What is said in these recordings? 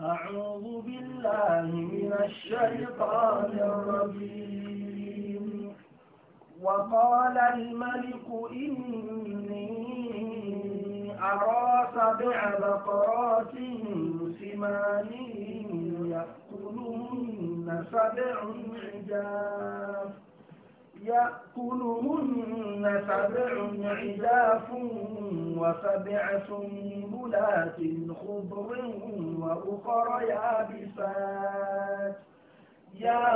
أعوذ بالله من الشيطان الرجيم وقال الملك إني أرى سبع بقرات سمان يأكلهن سبع عجاف يأكلهن سبع عجاف وسبع سنبلات خضر وأخر يابسات يا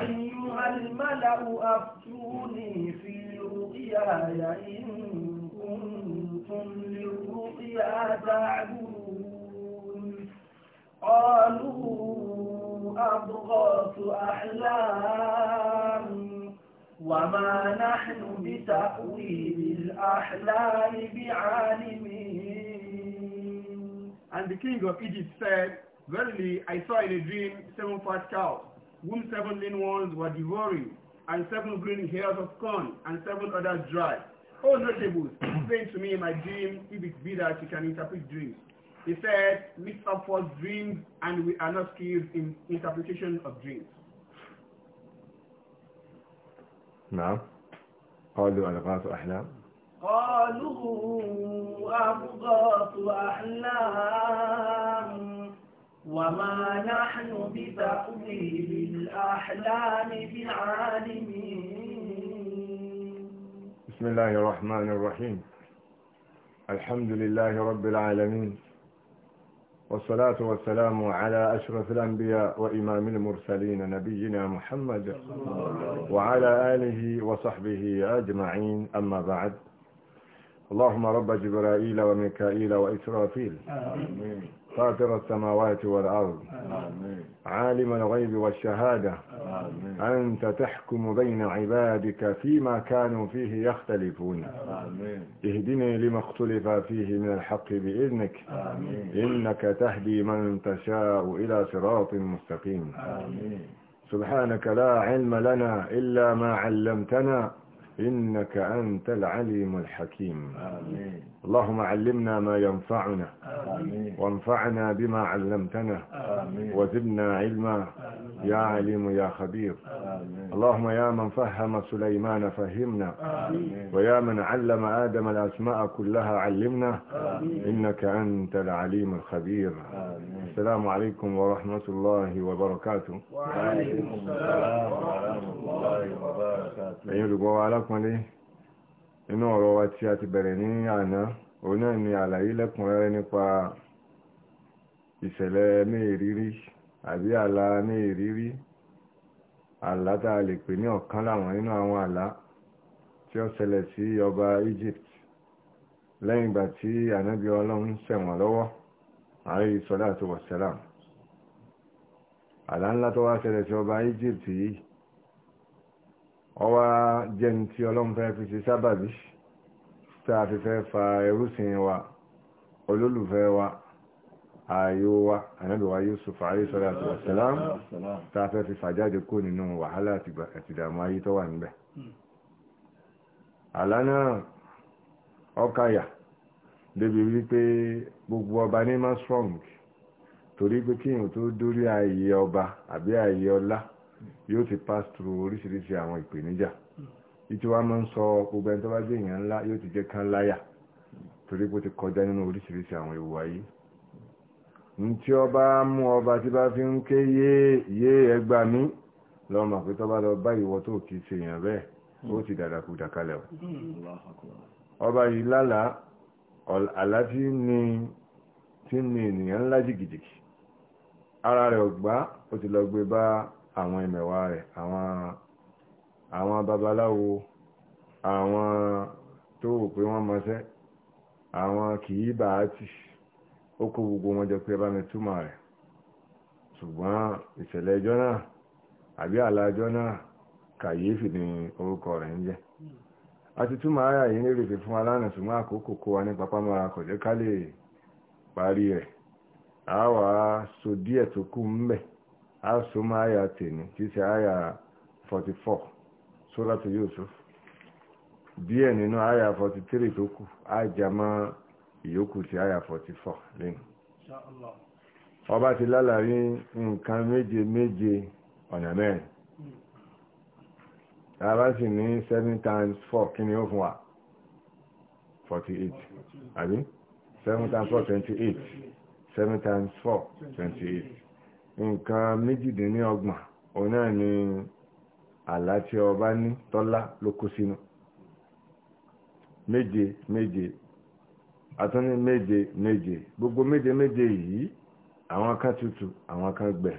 أيها الملأ أفتوني في رؤياي إن كنتم للرؤيا تعبدون قالوا أضغاث أحلام وما نحن بتأويل الأحلام بعالمين And the king of Egypt said, Verily, I saw in a dream seven fat cows, whom seven lean ones were devouring, and seven green hairs of corn, and seven others dry. O notables, explain to me in my dream, if it be that you can interpret dreams. He said, mix up false dreams and we are not skilled in interpretation of dreams. نعم قالوا ألغاث أحلام قالوا أضغاث أحلام وما نحن بتأويل الأحلام بعالمين بسم الله الرحمن الرحيم الحمد لله رب العالمين والصلاة والسلام على أشرف الأنبياء وإمام المرسلين نبينا محمد وعلى آله وصحبه أجمعين أما بعد اللهم رب جبرائيل وميكائيل وإسرافيل آمين فاطر السماوات والأرض آمين عالم الغيب والشهادة أنت تحكم بين عبادك فيما كانوا فيه يختلفون آمين. اهدني لما اختلف فيه من الحق بإذنك آمين. إنك تهدي من تشاء إلى صراط مستقيم آمين. سبحانك لا علم لنا إلا ما علمتنا إنك أنت العليم الحكيم آمين اللهم علمنا ما ينفعنا آمين. وانفعنا بما علمتنا آمين. وزدنا علما آمين. يا عليم يا خبير اللهم يا من فهم سليمان فهمنا ويا من علم آدم الأسماء كلها علمنا إنك أنت العليم الخبير السلام عليكم ورحمة الله وبركاته وعليكم السلام ورحمة الله وبركاته أيها الأخوة inú ọ̀rọ̀ wa tí a ti bẹ̀rẹ̀ ní àná òun náà ni àlàyé lẹ́kùnrẹ́rẹ́ nípa ìṣẹ̀lẹ̀ méèrírí àbí àlá méèrírí àlá tá a lè pè ní ọ̀kan láwọn nínú àwọn àlá tí ó ṣẹlẹ̀ sí ọba Egypt lẹ́yìn ìgbà tí ànábì ọlọ́run ṣẹ̀wọ̀n lọ́wọ́ alayhi salatu wassalam àlá ńlá tó wá ṣẹlẹ̀ sí ọba Egypt yìí ọwá jẹun tí ọlọ́run fẹ́ fi ṣe sábàbí tá a fi fẹ́ fa ẹrúsìn wa olólùfẹ́ wa ààyò wa ànábì wa Yusuf alayhi salatu wa salam tá a fẹ́ fi fàjáde kó nínú wàhálà àti ìdààmú ayé tó wà níbẹ̀ àlá náà ọkàyà débi wípé gbogbo ọba ní ma strong torí pé kíyàn tó dórí ààyè ọba àbí ààyè ọlá yóò ti pass through oríṣiríṣi àwọn ìpèníjà ìtí wá máa ń sọ gbogbo ẹni tó bá jẹ́ èèyàn ńlá yóò ti jẹ́ kán láyà torí pé ó ti kọjá nínú oríṣiríṣi àwọn ewu ayé ní tí ọba mú ọba tí bá fi ń ké yé yé ẹgbà mí lọ́mọ pé tó bá lọ bá ìwọ tó kìí ṣe èèyàn bẹ́ẹ̀ ó ti dàdàkú dàkalẹ̀ o ọba yìí lálàá àlá tí ní tí ní ènìyàn ńlá jìgìjìgì ara rẹ̀ ọ̀gbá ó ti lọ gbé bá àwọn ẹmẹ̀wà rẹ̀ àwọn babaláwo àwọn tó wò pé wọ́n mọṣẹ́ àwọn kìí bá ti tì gbogbo wọn jọ pé bá mi túmọ̀ rẹ̀ ṣùgbọ́n ìṣẹ̀lẹ̀ ẹjọ́ náà àbí àlàjọ́ náà kàyéfì ni orúkọ rẹ̀ ń a ti túmọ̀ ara yìí nírèfè fún alánà ṣùgbọ́n àkókò kó wa ní papámọ́ra ká lè parí rẹ̀ a wàá so díẹ̀ tó kù ń a súnmọ́ àyà tèmi tí ṣe àyà 44 sóràtù Yusuf díẹ̀ nínú àyà 43 tó kù á jàmọ́ ìyókù sí àyà 44 lẹ́nu ọba ti lálàrí nǹkan méje méje ọ̀nà mẹ́rin tàbá hmm. sì ní 7 times 4 kí ni ó fún wa 48 àbí 7 times 4 28 7 times 4 28 nǹkan méjìdínlọ́gbọ̀n òun náà ni àlá tí ọba ní tọ́lá ló kó sínú méje méje àtúní méje méje gbogbo méje méje yìí àwọn kan tutù àwọn kan gbẹ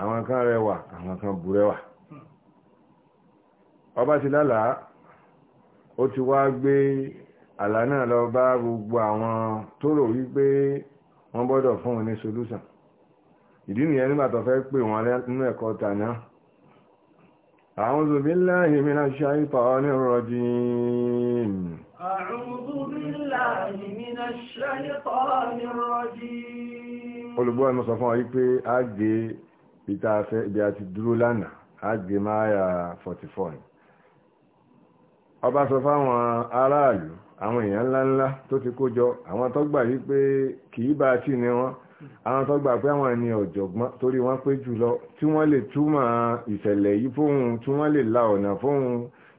àwọn kan rẹwà àwọn kan burẹwà ọba ti lálàá ó ti wá gbé àlá náà lọ bá gbogbo àwọn tó rò wípé wọ́n gbọ́dọ̀ fún un ní solúsàn ìdí nìyẹn nígbà tó fẹ́ pè wọ́n nínú ẹ̀kọ́ tàná A'udhu billahi minash shaytanir rajim A'udhu billahi minash shaytanir rajim olùgbọ́ ẹnu sọ fún ọ yí pé a gbé ìta afẹ́ ibi àti dúró lánàá a gbé máyà 44 ọba sọ fáwọn aráàlú àwọn èèyàn ńláńlá tó ti kó jọ àwọn tó yí pé kì bá a ní wọn àwọn tó gbà pé àwọn ẹni ọ̀jọ̀gbọ́n torí wọ́n pé jùlọ tí wọ́n lè túmọ̀ ìṣẹ̀lẹ̀ yìí fóun tí wọ́n lè la ọ̀nà fóun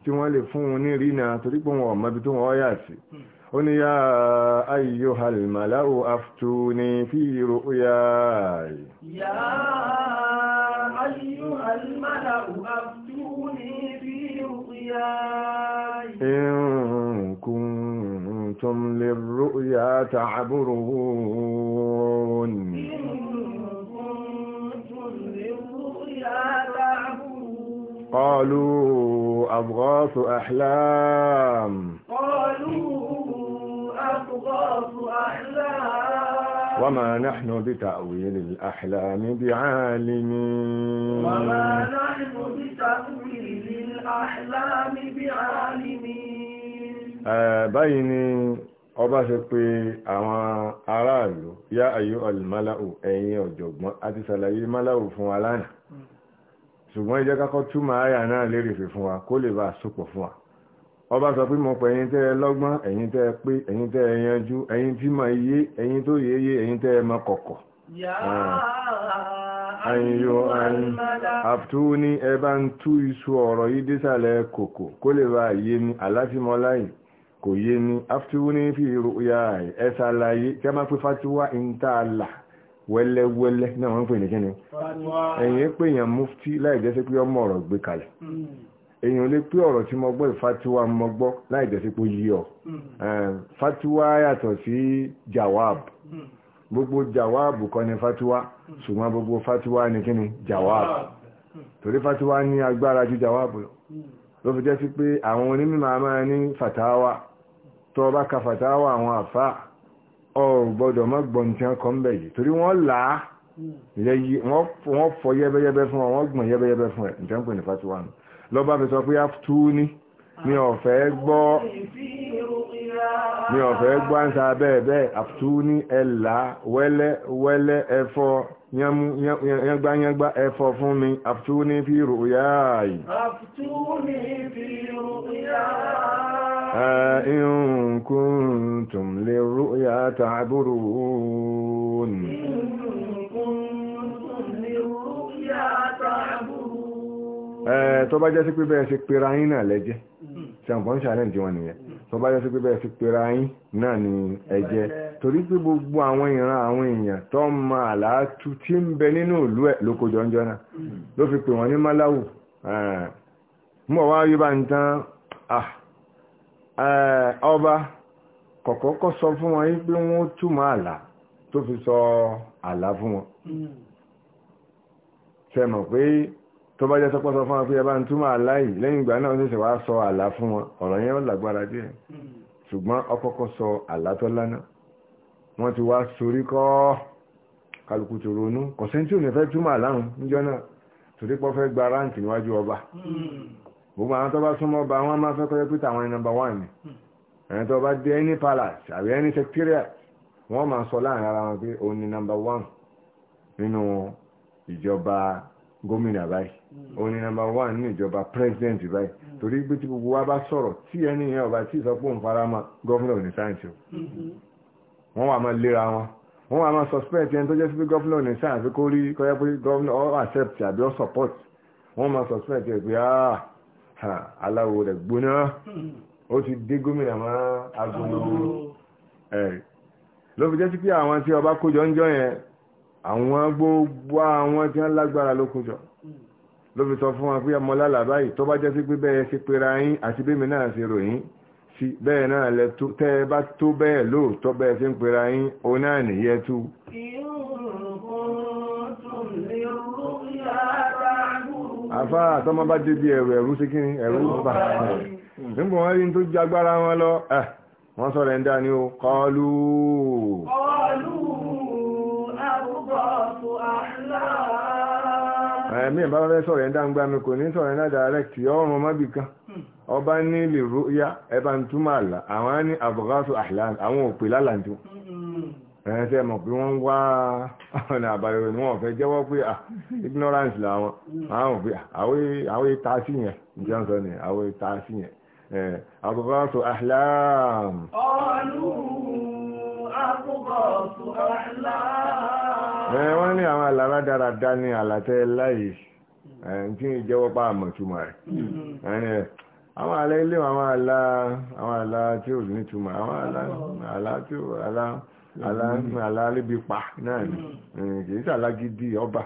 tí wọ́n lè fún un ní rínà torí pé wọn ọ̀mọ́bi tó wọ́n yà sí ó ní yá ayò halmaláwò aftu ní fi ìrò ya yá ayò halmaláwò aftu ní fi ìrò ya كنتم للرؤيا تعبرون قالوا أضغاث أحلام قالوا أضغاث أحلام وما نحن بتأويل الأحلام بعالمين وما نحن بتأويل الأحلام بعالمين báyìí ni ọba ṣe pé àwọn aráàlú yá ayé alìmáláwù ẹ̀yìn ọ̀jọ̀gbọ́n àti sàlàyé máláwù fún wa lánàá ṣùgbọ́n ìjẹ́ kákọ́ túmọ̀ àyà náà lérè fi fún wa kó lè bá sopọ̀ fún wa ọba sọ pé mo pẹ̀ ẹ̀yin tẹ́ ẹ lọ́gbọ́n ẹ̀yin tẹ́ ẹ pé ẹ̀yin tẹ́ ẹ yanjú ẹ̀yin tí mọ̀ iye ẹ̀yin tó yẹ yé tẹ́ ẹ mọ̀ kọ̀kọ̀ àyìnyó àyìn àfitú ní ẹ bá ń tú iṣu ọ̀rọ̀ yìí désàlẹ̀ kòkò kó lè bá yé ní aláfimọ́láyìn kò yé ní aftiwu ní fi ru'ya ẹ̀sà àlàyé kí a máa pè fatiwa ìntàlá wẹ́lẹ́wẹ́lẹ́ náà wọ́n ń pè ní kíni ẹ̀yìn pé èèyàn mufti láì jẹ́ sí pé ọmọ ọ̀rọ̀ gbé kalẹ̀ èèyàn hmm. lè pé ọ̀rọ̀ tí mo gbọ́ ìfatiwa mo gbọ́ láì jẹ́ sí pé yí ọ hmm. fatiwa yàtọ̀ sí jawab hmm. gbogbo jawab kọ́ ni fatiwa ṣùgbọ́n gbogbo fatiwa ni kíni jawab torí fatiwa ní agbára ju jawab lọ ló fi jẹ́ sí pé àwọn onímọ̀ máa ní fatawa tó ọba ka fàtàwà àwọn àfá ọ̀gbọ́dọ̀ má gbọ́n tí wọ́n kọ́ ń bẹ̀ yìí torí wọ́n là á wọ́n fọ yẹ́bẹ́yẹ́bẹ́ fún ọ wọ́n gbọ̀n yẹ́bẹ́yẹ́bẹ́ fún ẹ̀ ǹjẹ́ ń pè ní fatiwa nù lọ́ba fi sọ pé a tú ní mi ò fẹ́ gbọ́ yángbáyángbá ẹ̀fọ́ fún mi àfitú ní fi ròyáàì in kuntum lirru'ya ta'burun tó bá jẹ́ sí pé bẹ́ẹ̀ sí pé ra yínà lẹ́jẹ́ ṣàǹfọ́n ṣàlẹ́ǹdì wọn nìyẹn tó bá yọ sí pé bẹ́ẹ̀ fi pera yín náà ni ẹ̀jẹ̀ torí pé gbogbo àwọn ìran àwọn èèyàn tó ń ma àlàátú tí ń bẹ nínú ìlú ẹ̀ lóko jọjọ náà ló fi pè wọ́n ní Malawi mọ̀ wá yóò bá ń tán ah, ọba kọ̀kọ́kọ́ sọ fún wọn pé wọ́n túmọ̀ àlà tó fi sọ àlà fún wọn hmm. ṣe pé tó bá jẹ́ sọpọ́sọ fún afẹ́ bá ń túmọ̀ aláì lẹ́yìn ìgbà náà ṣẹ̀ṣẹ̀ wá sọ àlá fún wọn ọ̀rọ̀ yẹn ó lágbára díẹ̀ ṣùgbọ́n ọkọ́kọ́ sọ àlá tó lánà wọ́n ti wá sorí kọ́ kálukú tó ronú kọ̀sẹ́ tí ò ní fẹ́ túmọ̀ àláhùn níjọ́ náà torí pọ́ fẹ́ gba ráǹkì níwájú ọba gbogbo àwọn tó bá súnmọ́ ọba wọn máa fẹ́ kọ́ pé tàwọn ẹni nọ́mbà wán ni ẹni tó bá dé any palace àbí any secretariat wọ́n máa sọ láàrin ara wọn pé òun ni nọ́mbà wán nínú ìjọba gómìnà báyìí hmm. òun ni nàmbà wán ní ìjọba pírẹsidẹ́ǹtì báyìí hmm. torí pé tí gbogbo wa bá sọ̀rọ̀ tí ẹni yẹn ọba tí ìsọpọ̀ ń fara mọ́ gọ́fúnà ò ní sáyẹ̀nsì o hmm. wọ́n wà máa léra wọn wọ́n wà máa suspect ẹni tó jẹ́ sí pé gọ́fúnà ò ní sáyẹ̀nsì kó rí kọ́yẹ́ pé gọ́fúnà ọ́ accept àbí ọ́ support wọ́n máa suspect ẹ̀ pé ah, aláwo rẹ̀ gbóná ó ti dé gómìnà mọ́ agolo oh. ló fi jẹ́ sí pé àwọn tí ọba kójọ ń jọ yẹn àwọn gbogbo àwọn tí wọ́n lágbára ló kójọ ló fi sọ fún wọn pé ọmọ lálàbá yìí tó bá jẹ́ sí pé bẹ́ẹ̀ sí pera yín àti bí mi náà ṣe ròyìn sí bẹ́ẹ̀ náà lẹ tẹ́ ẹ bá tó bẹ́ẹ̀ lóòótọ́ bẹ́ẹ̀ sí ń pera yín o náà nìyẹ tú. àfa àtọ́mọ bá débi ẹ̀rù ẹ̀rù sí kí ni ẹ̀rù bà nígbà wọn rí tó jagbára wọn lọ eh, wọ́n sọ̀rọ̀ ẹ̀ ń dá o kọlu. kọlu ẹ̀mí ìbára fẹ́ sọ̀rọ̀ ẹ̀dá ń gbá mi kò ní sọ̀rọ̀ ẹ̀dá direct ọrùn mọ́bì kan hmm. ọba ní lè rúyá ẹba ń túmọ̀ àlà àwọn ní àbọ̀gáṣù àhìlá àwọn òpè lálàntó hmm. ẹ̀ẹ́sẹ̀ mọ̀ pé wọ́n wá ọ̀nà àbáyọ ni wọ́n fẹ́ jẹ́wọ́ pé ah, ignorance làwọn hmm. àwọn òpè ah, àwọn ìta sí yẹn jọ́nsọ ni àwọn ìta sí yẹn àbọ̀gáṣù àhìlá ọ̀lú àbọ̀gáṣù àhìlá ẹ̀ wọ́n ní àwọn àlá dáradá ní àlàtẹ́ láyé ẹ̀ tí ń jẹ́wọ́ pa àmọ̀túmọ̀ rẹ̀ àwọn àlá ilé àwọn àlá àwọn àlá tí ò ní túmọ̀ àwọn àlá àlá tí ò àlá àlá àlá lébi pa náà ni kìí sàlágídí ọba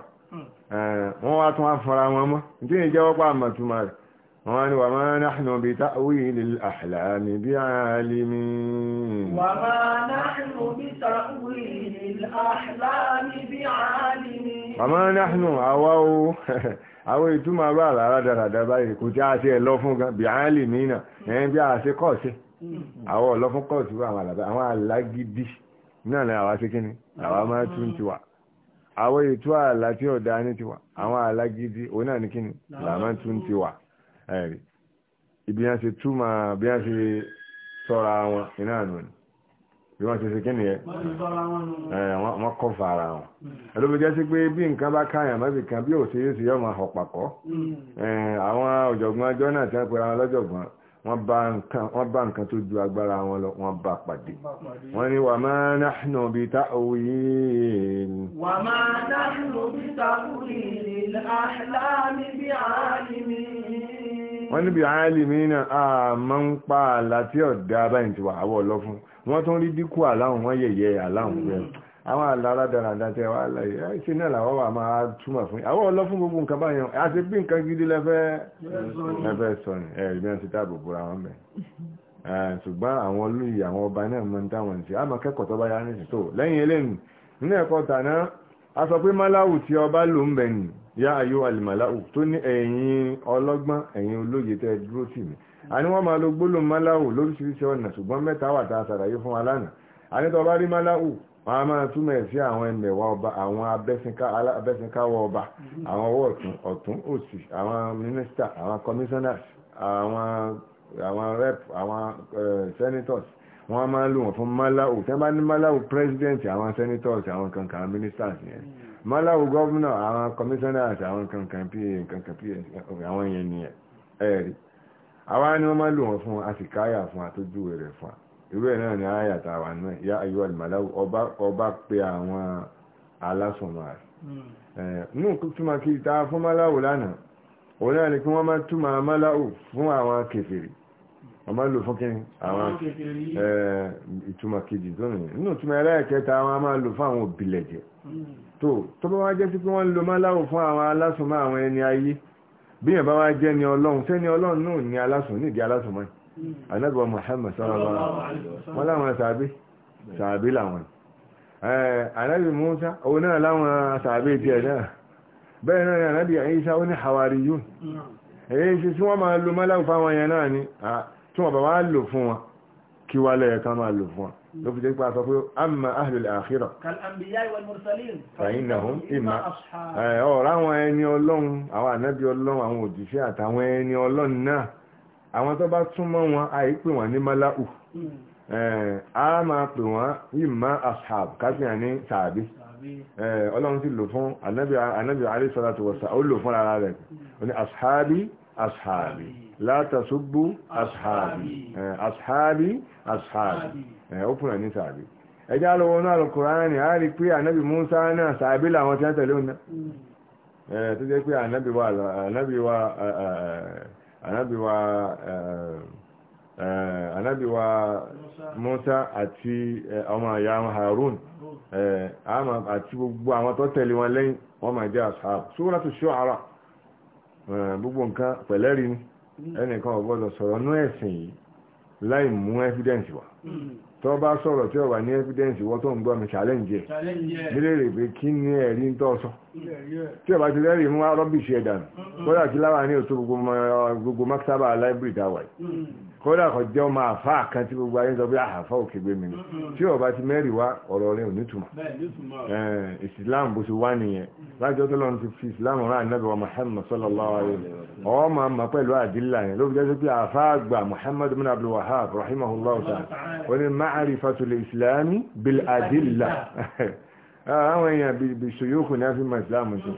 wọ́n wá tún wá fọra wọn mọ́ tí ń jẹ́wọ́ pa àmọ̀túmọ̀ rẹ̀ wọ́n ni wà máa náhùn bí ta'wílì àhàlámi bí alìmí wà máa náhùn bí ta'wílì àhàlámi bí alìmí wà máa náhùn àwáwó àwọn ìtumọ̀ bá àlàrà dáradá báyìí kò tí a ṣe ẹ̀lọ́ fún gan bí alìmí náà ẹ̀yìn bí a ṣe kọ́ sí àwọn ọ̀lọ́ fún kọ́ sí àwọn alágídí náà ni àwa ṣe kíni àwa máa tún ti wà àwọn ètò àlà tí ọ̀dá ní ti wà àwọn alágídí òun náà ní kíni làmá tún ti wà ẹ̀rí ibi yẹn ṣe túmọ̀ bí yẹn ṣe sọ́ra wọn iná àná ni bí wọ́n ṣe ṣe kíni yẹ wọ́n kọ́ fara wọn hmm. ẹlòmí jẹ́ sí pé bí nǹkan bá káyàn mọ́bì kan bí ò ṣeé ṣe yọ́ máa hàn papọ̀ hmm. àwọn ọ̀jọ̀gbọ́n ọjọ́ náà ti ń pera wọn lọ́jọ̀gbọ́n wọ́n bá nǹkan tó ju agbára wọn lọ wọ́n bá pàdé wọ́n ní wà máa náà bí ta'wil wà máa náà bí ta'wil al-ahlami bí àálìmí wọ́n níbi àálìmí náà a máa pa àlá tí ọ̀dá báyìí ti wà àwọ̀ lọ fún wọ́n tún rí díkù àláhùn wọ́n yẹ̀yẹ̀ àláhùn rẹ̀ mm. àwọn àlára dáradára tẹ́ wà láyé ṣe náà làwọ́ wà máa túmọ̀ fún àwọ̀ lọ fún gbogbo nǹkan báyọ̀ àti bí nǹkan gidi lẹ́fẹ́ sọ̀rọ̀ ẹ̀rí bí wọ́n ti dáàbò bora wọn yá ayó alìmàláwù tó ní ẹ̀yin ọlọ́gbọ́n ẹ̀yin olóye tẹ́ dúró tì mí a ní wọ́n máa lo gbólóhùn máláwù lóríṣiríṣi ọ̀nà ṣùgbọ́n mẹ́ta wà tá a ṣàlàyé fún wa lánàá a ní tọ́ bá rí máláwù wọ́n a máa túmọ̀ sí àwọn ẹmẹ̀wà ọba àwọn abẹ́sìnkáwọ ọba àwọn ọwọ́ ọ̀tún òsì àwọn mínísítà àwọn commissioners àwọn rep àwọn senators wọ́n a máa lò wọ́n fún máláwù tẹ́ bá ní máláwù president àwọn senators àwọn kankan ministers yẹn mọ́láwù gọ́ọ̀nà àwọn kọmíṣánná àti àwọn kankan pa kankan pa àwọn èèyàn ni ẹ̀rí àwa ni wọ́n máa lò wọ́n fún àsìkáyà fún àtójúwe rẹ̀ fún irú ẹ̀ náà ni àyà tá a wà náà yá ayé wà mọ́láwù ọba pé àwọn alásùnmọ́ rẹ̀ hmm. nù túmọ̀ kí ta fún mọ́láwù lánàá òun náà ni kí wọ́n máa túmọ̀ mọ́láwù fún àwọn kèfèrí wọ́n máa lò fún kí àwọn ìtumọ̀ kejì tó nìyẹn nù túmọ̀ ẹlẹ́ẹ̀kẹta wọn máa lò fún àwọn òbílẹ̀jẹ̀ hmm tó tó bá wá jẹ́ sí pé wọ́n ń lo máláwò fún àwọn alásùn mọ́ àwọn ẹni ayé bí yẹn bá wá jẹ́ ni ọlọ́run sẹ́ni ọlọ́run náà ni alásùn nídìí alásùn mọ́ anábọ̀ Muhammad sallallahu alaihi wasallam wọn láwọn sàbí sàbí làwọn anábì Musa òun náà láwọn sàbí tiẹ̀ náà bẹ́ẹ̀ náà ni anábì Isa ó ní hawariyun èyí ti tí wọ́n máa lo máláwò fáwọn yẹn náà ni tí wọ́n bá wá lò fún wọn kí wá lẹ́yẹ ká máa lò fún ọ ló fi jẹ́ pé a sọ pé amma ahlul akhirah fa'innahum ìmá ọ̀rọ̀ àwọn ẹni ọlọ́run àwọn ànábì ọlọ́run àwọn òjíṣẹ́ àtàwọn ẹni ọlọ́run náà àwọn tó bá túnmọ́ wọn àìpè wọn ní mala'u hmm. a máa pè wọn ìmá ashab kápẹ́yà ní tàbí ọlọ́run sì lò fún ànábì alayhi salatu wasa ó lò fún ara rẹ̀ hmm. ní ashabi ashabi látàṣubú eh, ashabi ashabi ashabi ó eh, fúnra ní sàbí ẹjá lọ́wọ́ náà lọ kùránì a rí pé ànábì Musa náà sàbí làwọn tí wọ́n tẹ̀lé òun náà mm. eh, tó jẹ́ pé ànábì wa ànábì wa ànábì wa ànábì wa Musa àti ọmọ ìyá Harun àti gbogbo àwọn tó tẹ̀lé wọn lẹ́yìn wọ́n máa jẹ́ ashab Suratu Shu'ara gbogbo nǹkan pẹ̀lẹ́rìí ni Hmm. ẹnìkan ò gbọ́dọ̀ sọ̀rọ̀ nú ẹ̀sìn yìí láì mú evidence wá hmm. tó bá sọ̀rọ̀ tí ó wà ní evidence wọ́n tó ń gbọ́ mi challenge ẹ̀ pé kí ní ẹ̀rí ń tọ́ọ̀sọ́ hmm. tí ó bá ti lẹ́rìí mú rọ́bìṣì ẹ̀dànù kódà kí láwà ní òtún gbogbo maktaba library dáwà kódà kò jẹ́ ọmọ àfá kan tí gbogbo ayé ń sọ pé ah, àfá òkè gbé mi ni mm-hmm. tí ọba ti mẹ́rin wá ọ̀rọ̀ rẹ̀ ò nítumọ̀ islam bó ṣe wá nìyẹn mm-hmm. lájọ́ tó lọ́nà ti fi islam rán ànábì wa muhammad sallallahu alayhi wa ọmọ àmà pẹ̀lú àdìlà yẹn ló fi jẹ́ pé àfá àgbà muhammad bin abdul wahab rahimahullah ta'ala ó ní ma'rifatul islami bil adilla mm-hmm. àwọn èèyàn bí ṣòyókù ní àfihàn islam ṣe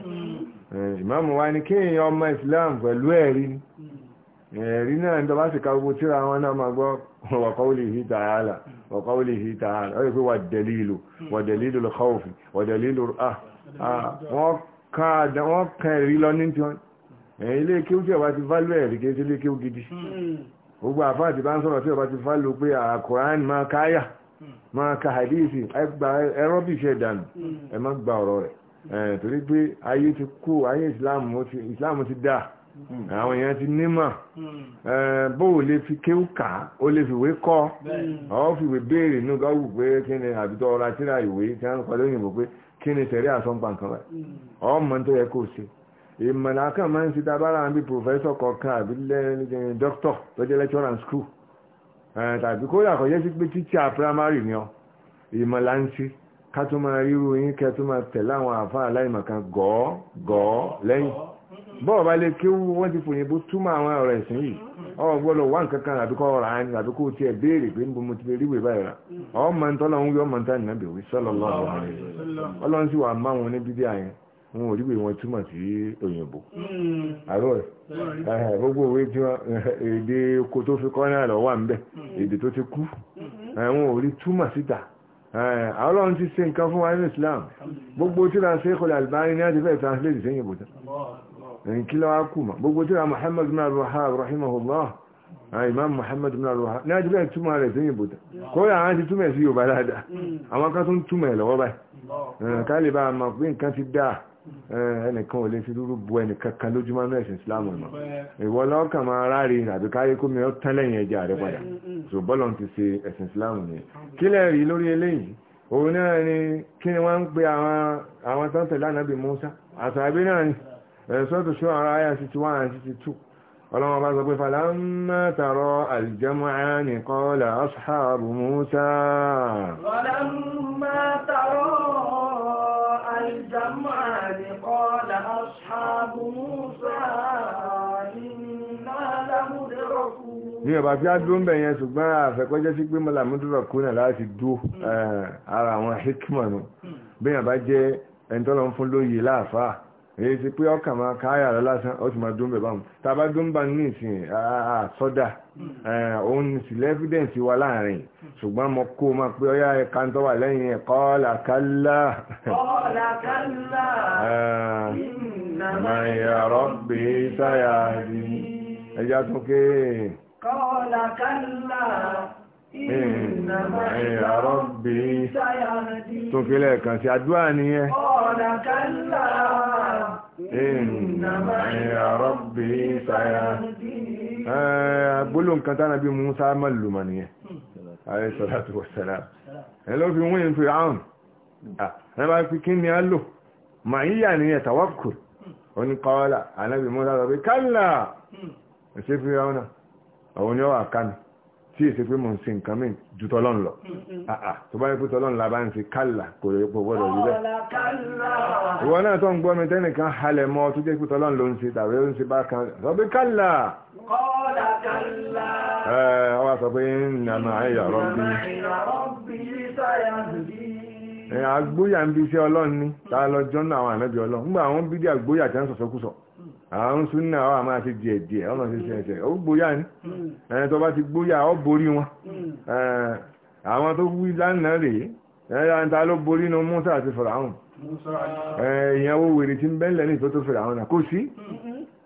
ìmáàmù wa ni kéèyàn ọmọ islam pẹ̀lú ẹ̀rí ẹ̀rí náà ní tọ́bá sì ká gbogbo tíra wọn náà ma gbọ́ wa qawlihi ta'ala wa qawlihi ta'ala ọ̀rẹ́ pé wà dalilu wà dalilu lọ́kọ́ọ̀fì wà dalilu ah, wọ́n ká ẹ̀rí lọ ní tí wọ́n ilé kí ó tí ọba ti válú ẹ̀rí kí ilé kí ó gidi gbogbo àfáà ti bá ń sọ̀rọ̀ tí ọba ti válú pé àkùrán máa káyà máa ka hadithi ẹ̀rọ bí iṣẹ́ ìdànù ẹ má gba ọ̀rọ̀ rẹ̀ torí pé ayé ti kú ayé ìsìláàmù ti dáa àwọn èèyàn ti nímọ̀ hmm. bó o lè fi kéwù kà ó lè fìwé kọ́ ọ fìwé béèrè inú gáwù pé kí ni àbítọ́ ọ̀rá tíra ìwé tí wọ́n ń kọ́ lóyìnbó pé kí ni tẹ̀rí àsọ̀npa nǹkan rẹ̀ hmm. ọmọ tó yẹ kó ṣe ìmọ̀lá kan máa ń ṣe dábàrà bí pòfẹ́sọ̀ kọ̀ọ̀kan àbí lẹ́yìn dókítọ̀ tó lecturer and school tàbí kó yàkọ̀ yẹ́ sí pé teacher primary ni ọ ìmọ̀lá ń ṣe ká tó máa ríru yín kẹ́ tó máa tẹ̀lé àwọn àfáà aláìmọ̀kan gọ̀ọ́ gọ̀ọ́ lẹ́yìn bọ́ọ̀ bá lè kéwú wọ́n ti fòyìnbó túmọ̀ àwọn ọ̀rọ̀ ẹ̀sìn yìí ọ̀ gbọ́dọ̀ wá nǹkan kan àbí kọ́ ọ̀rọ̀ àánì àbí kó o tiẹ̀ béèrè pé níbo mo ti rí ìwé báyìí rà ọ̀ máa ń tọ́lọ̀ ń wí ọmọ níta nìyà bèwí sallallahu alaihi wasallam ọlọ́run sì wà má wọn ní bídí àyẹn wọn ò rí ìwé wọn túmọ̀ sí òyìnbó àbọ̀ gbogbo òwe tí wọn èdè oko tó fi kọ́ náà lọ wà ń bẹ̀ èdè tó ti kú wọn ò rí túmọ̀ síta ọlọ́run ti ṣe nǹkan fún wa ní Islam gbogbo tí ra ṣe kọlẹ̀ àlùbáyé ní àti fẹ́ẹ̀ translate sẹ́yìn ìbòtán kí lọ́wọ́ kù mọ́ gbogbo tí wọ́n Muhammad bin al-Wahhab rahimahullah imam Muhammad bin al-Wahhab náà jùlọ ìtumọ̀ rẹ̀ sí ìbò tẹ̀ kó yà á ti túmọ̀ sí Yorùbá dáadáa àwọn kan tó ń túmọ̀ ẹ̀ lọ́wọ́ báyìí ká lè bá a mọ̀ pé nǹkan ti dáa ẹnìkan ò lè fi dúró bu ẹnìkan kan lójúmọ́ náà ẹ̀sìn Islam ìmọ̀ ìwọ lọ́kàn máa ráre àbí òun náà ni kí ni wọ́n ń pe àwọn sáńtẹ̀ lánàá bíi Musa àtàbí náà ni sọ́tù ṣọ́ ara ayá 61 àti 62 ọlọ́wọ́ bá sọ pé falamma tara al-jam'ani qala ashabu Musa falamma tara al-jam'ani qala ashabu Musa ní ọba tí a dúró ń bẹ̀ yẹn ṣùgbọ́n àfẹ́kọ́jẹ́ sí pé mọ́là múdúrọ̀ kúnà láti dú hmm. eh, ara àwọn hikmanu hmm. bí yàn jẹ́ ẹ̀ńtọ́lọ́ fún lóye láàfáà èyí ti pé ọkà máa káyà rẹ lásán ó ti máa dún bẹ̀ báwọn tàbá dún bá ní ìsìn àsọdà hmm. òun sì lẹ́fídẹ̀ǹsì wa láàrin hmm. ṣùgbọ́n mo kó máa pé ọyá ẹ̀ka tó wà lẹ́yìn ẹ̀ kọ́ọ̀là kálá ìnàmáyàrọ́ pé sáyà rí ẹjá tún ké kọ́ọ̀là kálá ìnàmáyàrọ́ pé sáyà tún ké lẹ́ẹ̀kan sí àdúrà nìyẹn ìnàmà ìrọ̀bì sáyà gbólóhùn kan tánà bí Musa mọ́lùmọ̀ nìyẹn alayhi salatu wa salam ẹ̀ ló fi wọ́n fi áhùn ẹ̀ bá fi kí ni á lò mà yíyà nìyẹn tawakkul òní kọ́ọ́lá anábì Musa sọ pé kálà hmm. ṣe fi ráúnà òun yóò wà kánà tí èsì pé mò ń sin nǹkan mi ju tọ́lọ́n lọ tó bá yẹ pé tọ́lọ́n la bá ń fi kálà kò lè pọ̀ gbọ́dọ̀ yí bẹ́ẹ̀. ìwọ náà tó ń gbọ́ mi tẹ́nìkan halẹ̀ mọ́ tó jẹ́ pé tọ́lọ́n ló ń ṣe tàbí ó ń ṣe bá kan sọ pé kálà. kọ́lá kálà. ẹ eh, ọ wá sọ pé nàmà ayà rọ́bì. àgbóyà ń bí iṣẹ́ ọlọ́run ni tá a lọ jọ́nà àwọn ànábì ọlọ́run àwọn súnà wà máa ṣe díẹ̀ díẹ̀ ọmọ ṣe hmm. ṣe ẹ̀ṣẹ̀ ó gbóyà ní hmm. ẹni tó bá ti gbóyà ó borí wọn hmm. àwọn tó wí lánàá rèé ẹ̀yà ta ló borí nu Musa àti Fìràhùn èèyàn wo wèrè tí ń bẹ́ńlẹ̀ ní ìtọ́tò Fìràhùn náà kò sí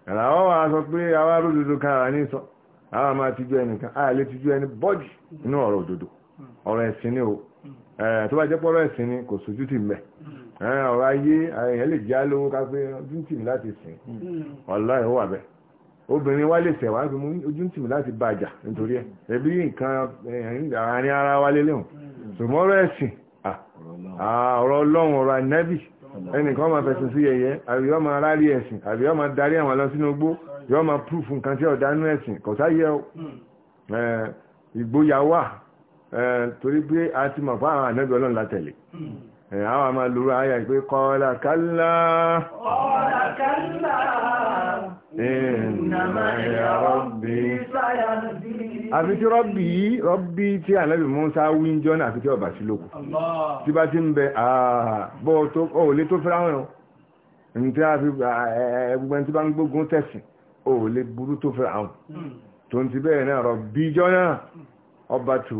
àwọn wa sọ pé àwa ródodo kára ní sọ àwa máa tijú ẹnìkan àà lè tijú ẹni bọ́ọ̀dì inú ọ̀rọ̀ òdodo ọ̀rọ̀ ẹ̀sìn ni o tó bá jẹ́ pọ́rọ̀ ẹ̀sìn ni kò sójú tì mẹ́ ọ̀rọ̀ ayé ẹ̀yẹ́ lè já lówó ká pé ojú ń tì mí láti sìn ọ̀la hmm. ẹ̀ wà bẹ́ẹ̀ obìnrin wa lè sẹ̀wá pé ojú ń tì mí láti bàjà nítorí ẹ̀ ẹ̀bí nǹkan àárín ara wa lélẹ́hùn hmm. ṣùgbọ́n ọ̀rọ̀ ẹ̀sìn ọ̀rọ̀ ọlọ́run ọ̀rọ̀ ànábì ẹnìkan máa fẹ̀sùn sí yẹ̀yẹ́ àbí wọ́n máa rárí ẹ̀sìn àbí wọ́n máa darí àwọn lọ sínú igbó yọ́ máa púrùfù nǹkan tí ọ̀dánú ẹ̀sìn kọ̀sáyẹ hmm. ìgboyà wà torí pé a ti mọ̀ fún àwọn ànábì ọlọ́run látẹ̀lé àwọn àmà lórí ayà ìpé kọ́ọ̀lá kálá àfi tí rọ́bì yìí rọ́bì tí ànábì Mùsá wíńjọ́ náà àfi tí ọba sí lókù tí bá ti ń bẹ àbọ̀ òòlé tó a fi ẹgbẹ̀gbẹ̀ tí bá ń gbógun tẹ̀sìn òòlé burú tó fẹ́ràn hmm. tó ń ti bẹ́ẹ̀ náà rọ́bì jọ náà ọba tó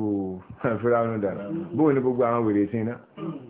fẹ́ràn dànù hmm.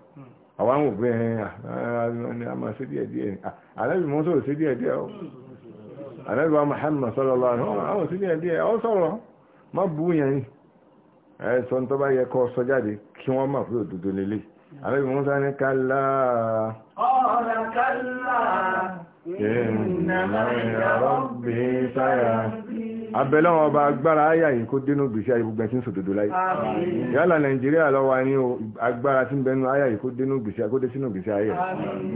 àwa ń wò pé ẹ̀hìn àmà ṣe díẹ̀ díẹ̀ àlẹ́bí mọ́ sọ̀rọ̀ ṣe díẹ̀ díẹ̀ ọ́ àlẹ́bí wa Muhammad sallallahu alaihi wasallam àwọn ṣe díẹ̀ díẹ̀ ọ́ sọ̀rọ̀ má bú yẹn àlẹ́bí mọ́ sọ kálá. ọ̀rọ̀ kálá ìnàmọ̀ ìrọ̀rọ̀ gbé sáyà abẹ́lọ́wọ́ ọba agbára ayà yìí kó dénú gbèsè ayé gbogbo ẹ̀sìn sòdòdó láyé yálà nàìjíríà lọ́wọ́ ní agbára tí ń bẹnu ayà yìí kó dénú gbèsè kó dé sínú gbèsè ayé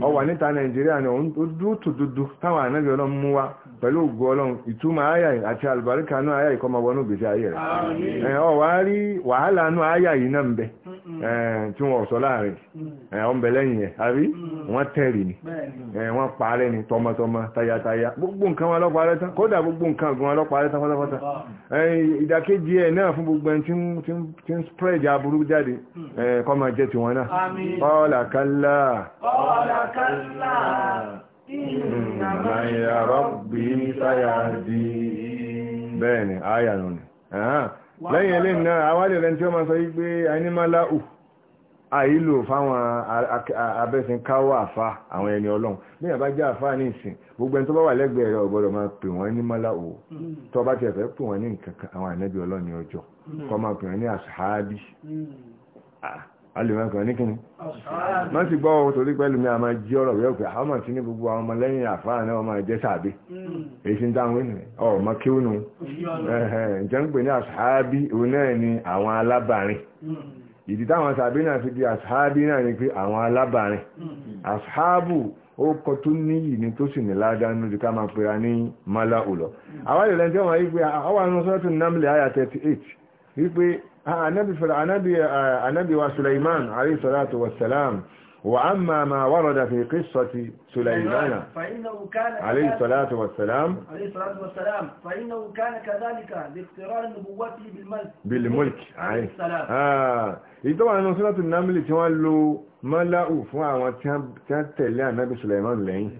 ọwà níta nàìjíríà ní ojú tòdodo táwọn ànábì ọlọ́run mú wá pẹ̀lú ògbó ọlọ́run ìtumọ̀ ayà yìí àti àlùbáríkà nú ayà yìí kó máa wọnú gbèsè ayé rẹ̀ ọwà wàhálà nú ayà yìí náà ń bẹ Eh, tí wọ́n sọ láàrin ọ̀n bẹ̀lẹ̀ yẹn àbí hmm. wọ́n tẹ̀rì ni eh, wọ́n parẹ́ ni tọmọtọmọ tayataya gbogbo nǹkan wọn lọ́parẹ́ tán kódà gbogbo nǹkan gan lọ́parẹ́ tán pátápátá eh, ìdàkejì ẹ̀ náà fún gbogbo ẹni tí ń spread aburú jáde hmm. kó máa jẹ́ tiwọn náà kọ́ọ̀là kálá ìnàmà lẹ́yìn eléyìí náà àwádìí rẹ̀ tí ó máa sọ yí pé àìnímọ́láhù àìlò fáwọn abẹ́sìnkáwọ́ àfá àwọn ẹni ọlọ́run ní àbá jẹ́ àfá ní ìsìn gbogbo ẹni tó bá wà lẹ́gbẹ̀ẹ́ rẹ̀ ọ̀gbọ́dọ̀ máa pè wọ́n ní mọ́láhù tó bá ti ẹ̀fẹ́ pè wọ́n ní nǹkan àwọn ànábì ọlọ́run ní ọjọ́ hmm. kọ́ máa pè wọ́n ní àṣáábí hmm alìmọ̀ kan ní kíni má sì gbọ́ ohun torí pẹ́lú mi àmà jí ọ̀rọ̀ wíwọ̀ pé àwọn àti ní gbogbo àwọn ọmọlẹ́yìn àfáà náà ọmọ ẹ̀jẹ̀ sàbí èyí ń dáhùn ní ọmọ kíwù nù ǹjẹ́ ń pè ní àṣàbí òun náà ni àwọn alábàárin ìdí táwọn sàbí náà fi di àṣàbí náà ni pé àwọn alábàárin àṣàbù ó kọ tó níyì ní tó sì ní ládánú ju ká máa pera ní mala ulọ àwọn ìrẹ̀lẹ̀ tí wọ́n wáyé pé àwọn àwọn sọ́tún námìlì àyà 38 wípé النبي وسليمان عليه الصلاة والسلام وأما ما ورد في قصة سليمان فإنه كان عليه الصلاة والسلام عليه الصلاة والسلام فإنه كان كذلك لاقتران نبوته بالملك بالملك عليه السلام آه طبعا أنه سورة النمل تولوا ملأوا فوا وتتلع النبي سليمان لين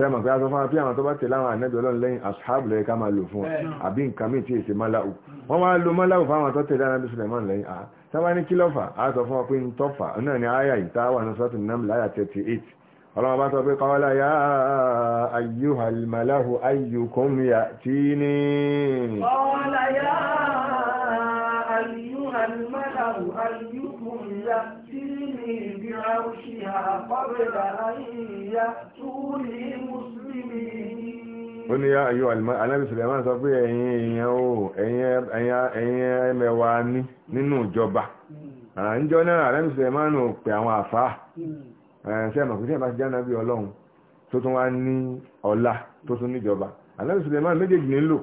sẹ́mọ̀ pé aṣọ fún apí àwọn tó bá tẹ̀lé àwọn ànẹ́bí ọlọ́run lẹ́yìn ashabu lẹ́yìn ká máa lò fún àbí nǹkan míì tí èsè máláwù wọ́n máa lo máláwù fáwọn tó tẹ̀lé ànẹ́bí Suleiman lẹ́yìn a sábà ní kílọ́fà a sọ fún ọpẹ́ ntọ́fà náà ni àyà ìta wà ní sọ́tún nam láyà 38 ọlọ́run bá sọ pé kọ́lá yá ayyuhal malahu ayyukum ya'tini. kọ́lá yá ayyuhal malahu ayyukum ya'tini عرشها قبل أن يأتوني مسلمين ó ní yá ayọ́ anábì Suleiman sọ pé ẹ̀yin èèyàn o ẹ̀yin ẹmẹ̀wà ní nínú ìjọba hmm. àjọ náà anábì Suleiman ò pè àwọn àfá hmm. ṣẹ́mọ̀ pé ṣẹ́mọ̀ ti jáná bí ọlọ́run tó tún wá ní ọlá tó tún níjọba anábì Suleiman méjèèjì nílò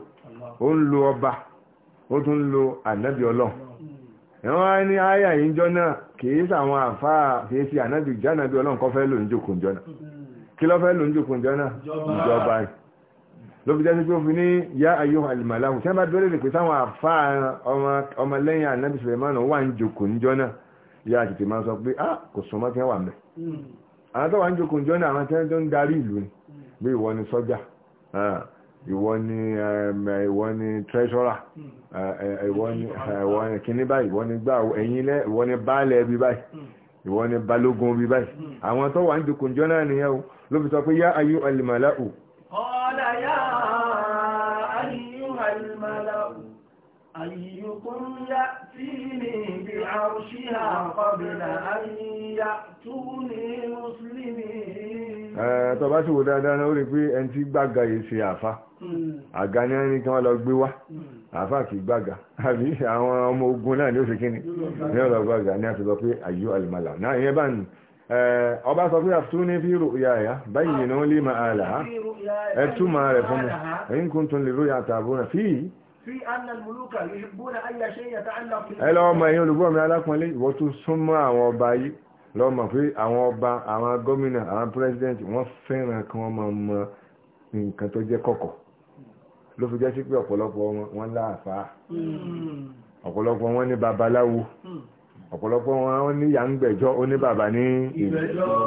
ó ń lo ọba ó tún lo ànábì ọlọ́run hmm. ẹ̀wọ̀n á ní áyà ìjọ náà kìí sàwọn àfáà kìí sí ànábì jánàbí ọlọ́run kọ́ fẹ́ lò ní jòkó jọ́nà kí ló fẹ́ lò ní jòkó jọ́nà ìjọba ló fi jẹ́sí pé ó fi ní yá ayé alìmọ̀láhùn tí wọ́n bá bẹ̀rẹ̀ lè pé sáwọn àfáà ọmọlẹ́yìn ànábì sùlẹ̀mánà wà ní jòkó jọ́nà ìyá àtìtì máa sọ pé ah kò sùn mọ́ tí wọ́n wà mẹ́ hmm. àwọn tó wà ní jòkó jọ́nà àwọn tí wọ́n ń darí ìlú ni hmm. bí ìwọ ni sọ́jà ah ìwọ ni ìwọ ni treasurer hmm. ìwọ ni kíní báyìí ìwọ ni gbà ẹ̀yìn lẹ́ ìwọ ni baálẹ̀ bí báyìí hmm. ìwọ ni balógun bí báyìí hmm. àwọn tó wà ń dùkùn jọ náà nìyẹn o ló fi sọ pé yá ayú alìmọ̀láù. ọ̀la yá ayú alìmọ̀láù ayùkún yá tí ní bí àrùsí àkọ́bìnrin ayé yá tún ní Eh, tó bá sì wò dáadáa náà ó rí pé ẹni tí gbága yìí ṣe àfá hmm. àga ní ẹni tí wọ́n lọ gbé wá hmm. àfá kì í gbága àbí àwọn ọmọ ogun náà ní oṣù kínní ní ọ̀rọ̀ gbága ní àti sọ pé àyù àlùmọ́là náà ìyẹn bá nù eh, ọba sọ pé àtún ní fi rò ìyá ẹ̀yà báyìí ní ó lè máa là ẹ túmọ̀ rẹ̀ fún mi ẹ̀yìn kún tún lè ròyìn àtàbọ̀nà fíì ẹ lọ́wọ́ mọ ẹ̀yìn olùgbọ́ mi alákùnrin ìwọ́n tún súnmọ́ àwọn ọba yìí lọ́mọ pé àwọn ọba àwọn gómìnà àwọn pírẹsidẹ́ntì wọ́n fẹ́ràn kí wọ́n máa mọ nǹkan tó jẹ́ kọ̀kọ̀ ló fi jẹ́ sí pé ọ̀pọ̀lọpọ̀ wọn láàfáà ọ̀pọ̀lọpọ̀ wọn ní babaláwo ọ̀pọ̀lọpọ̀ wọn ní ìyá ń gbẹ̀jọ́ ó ní bàbá ní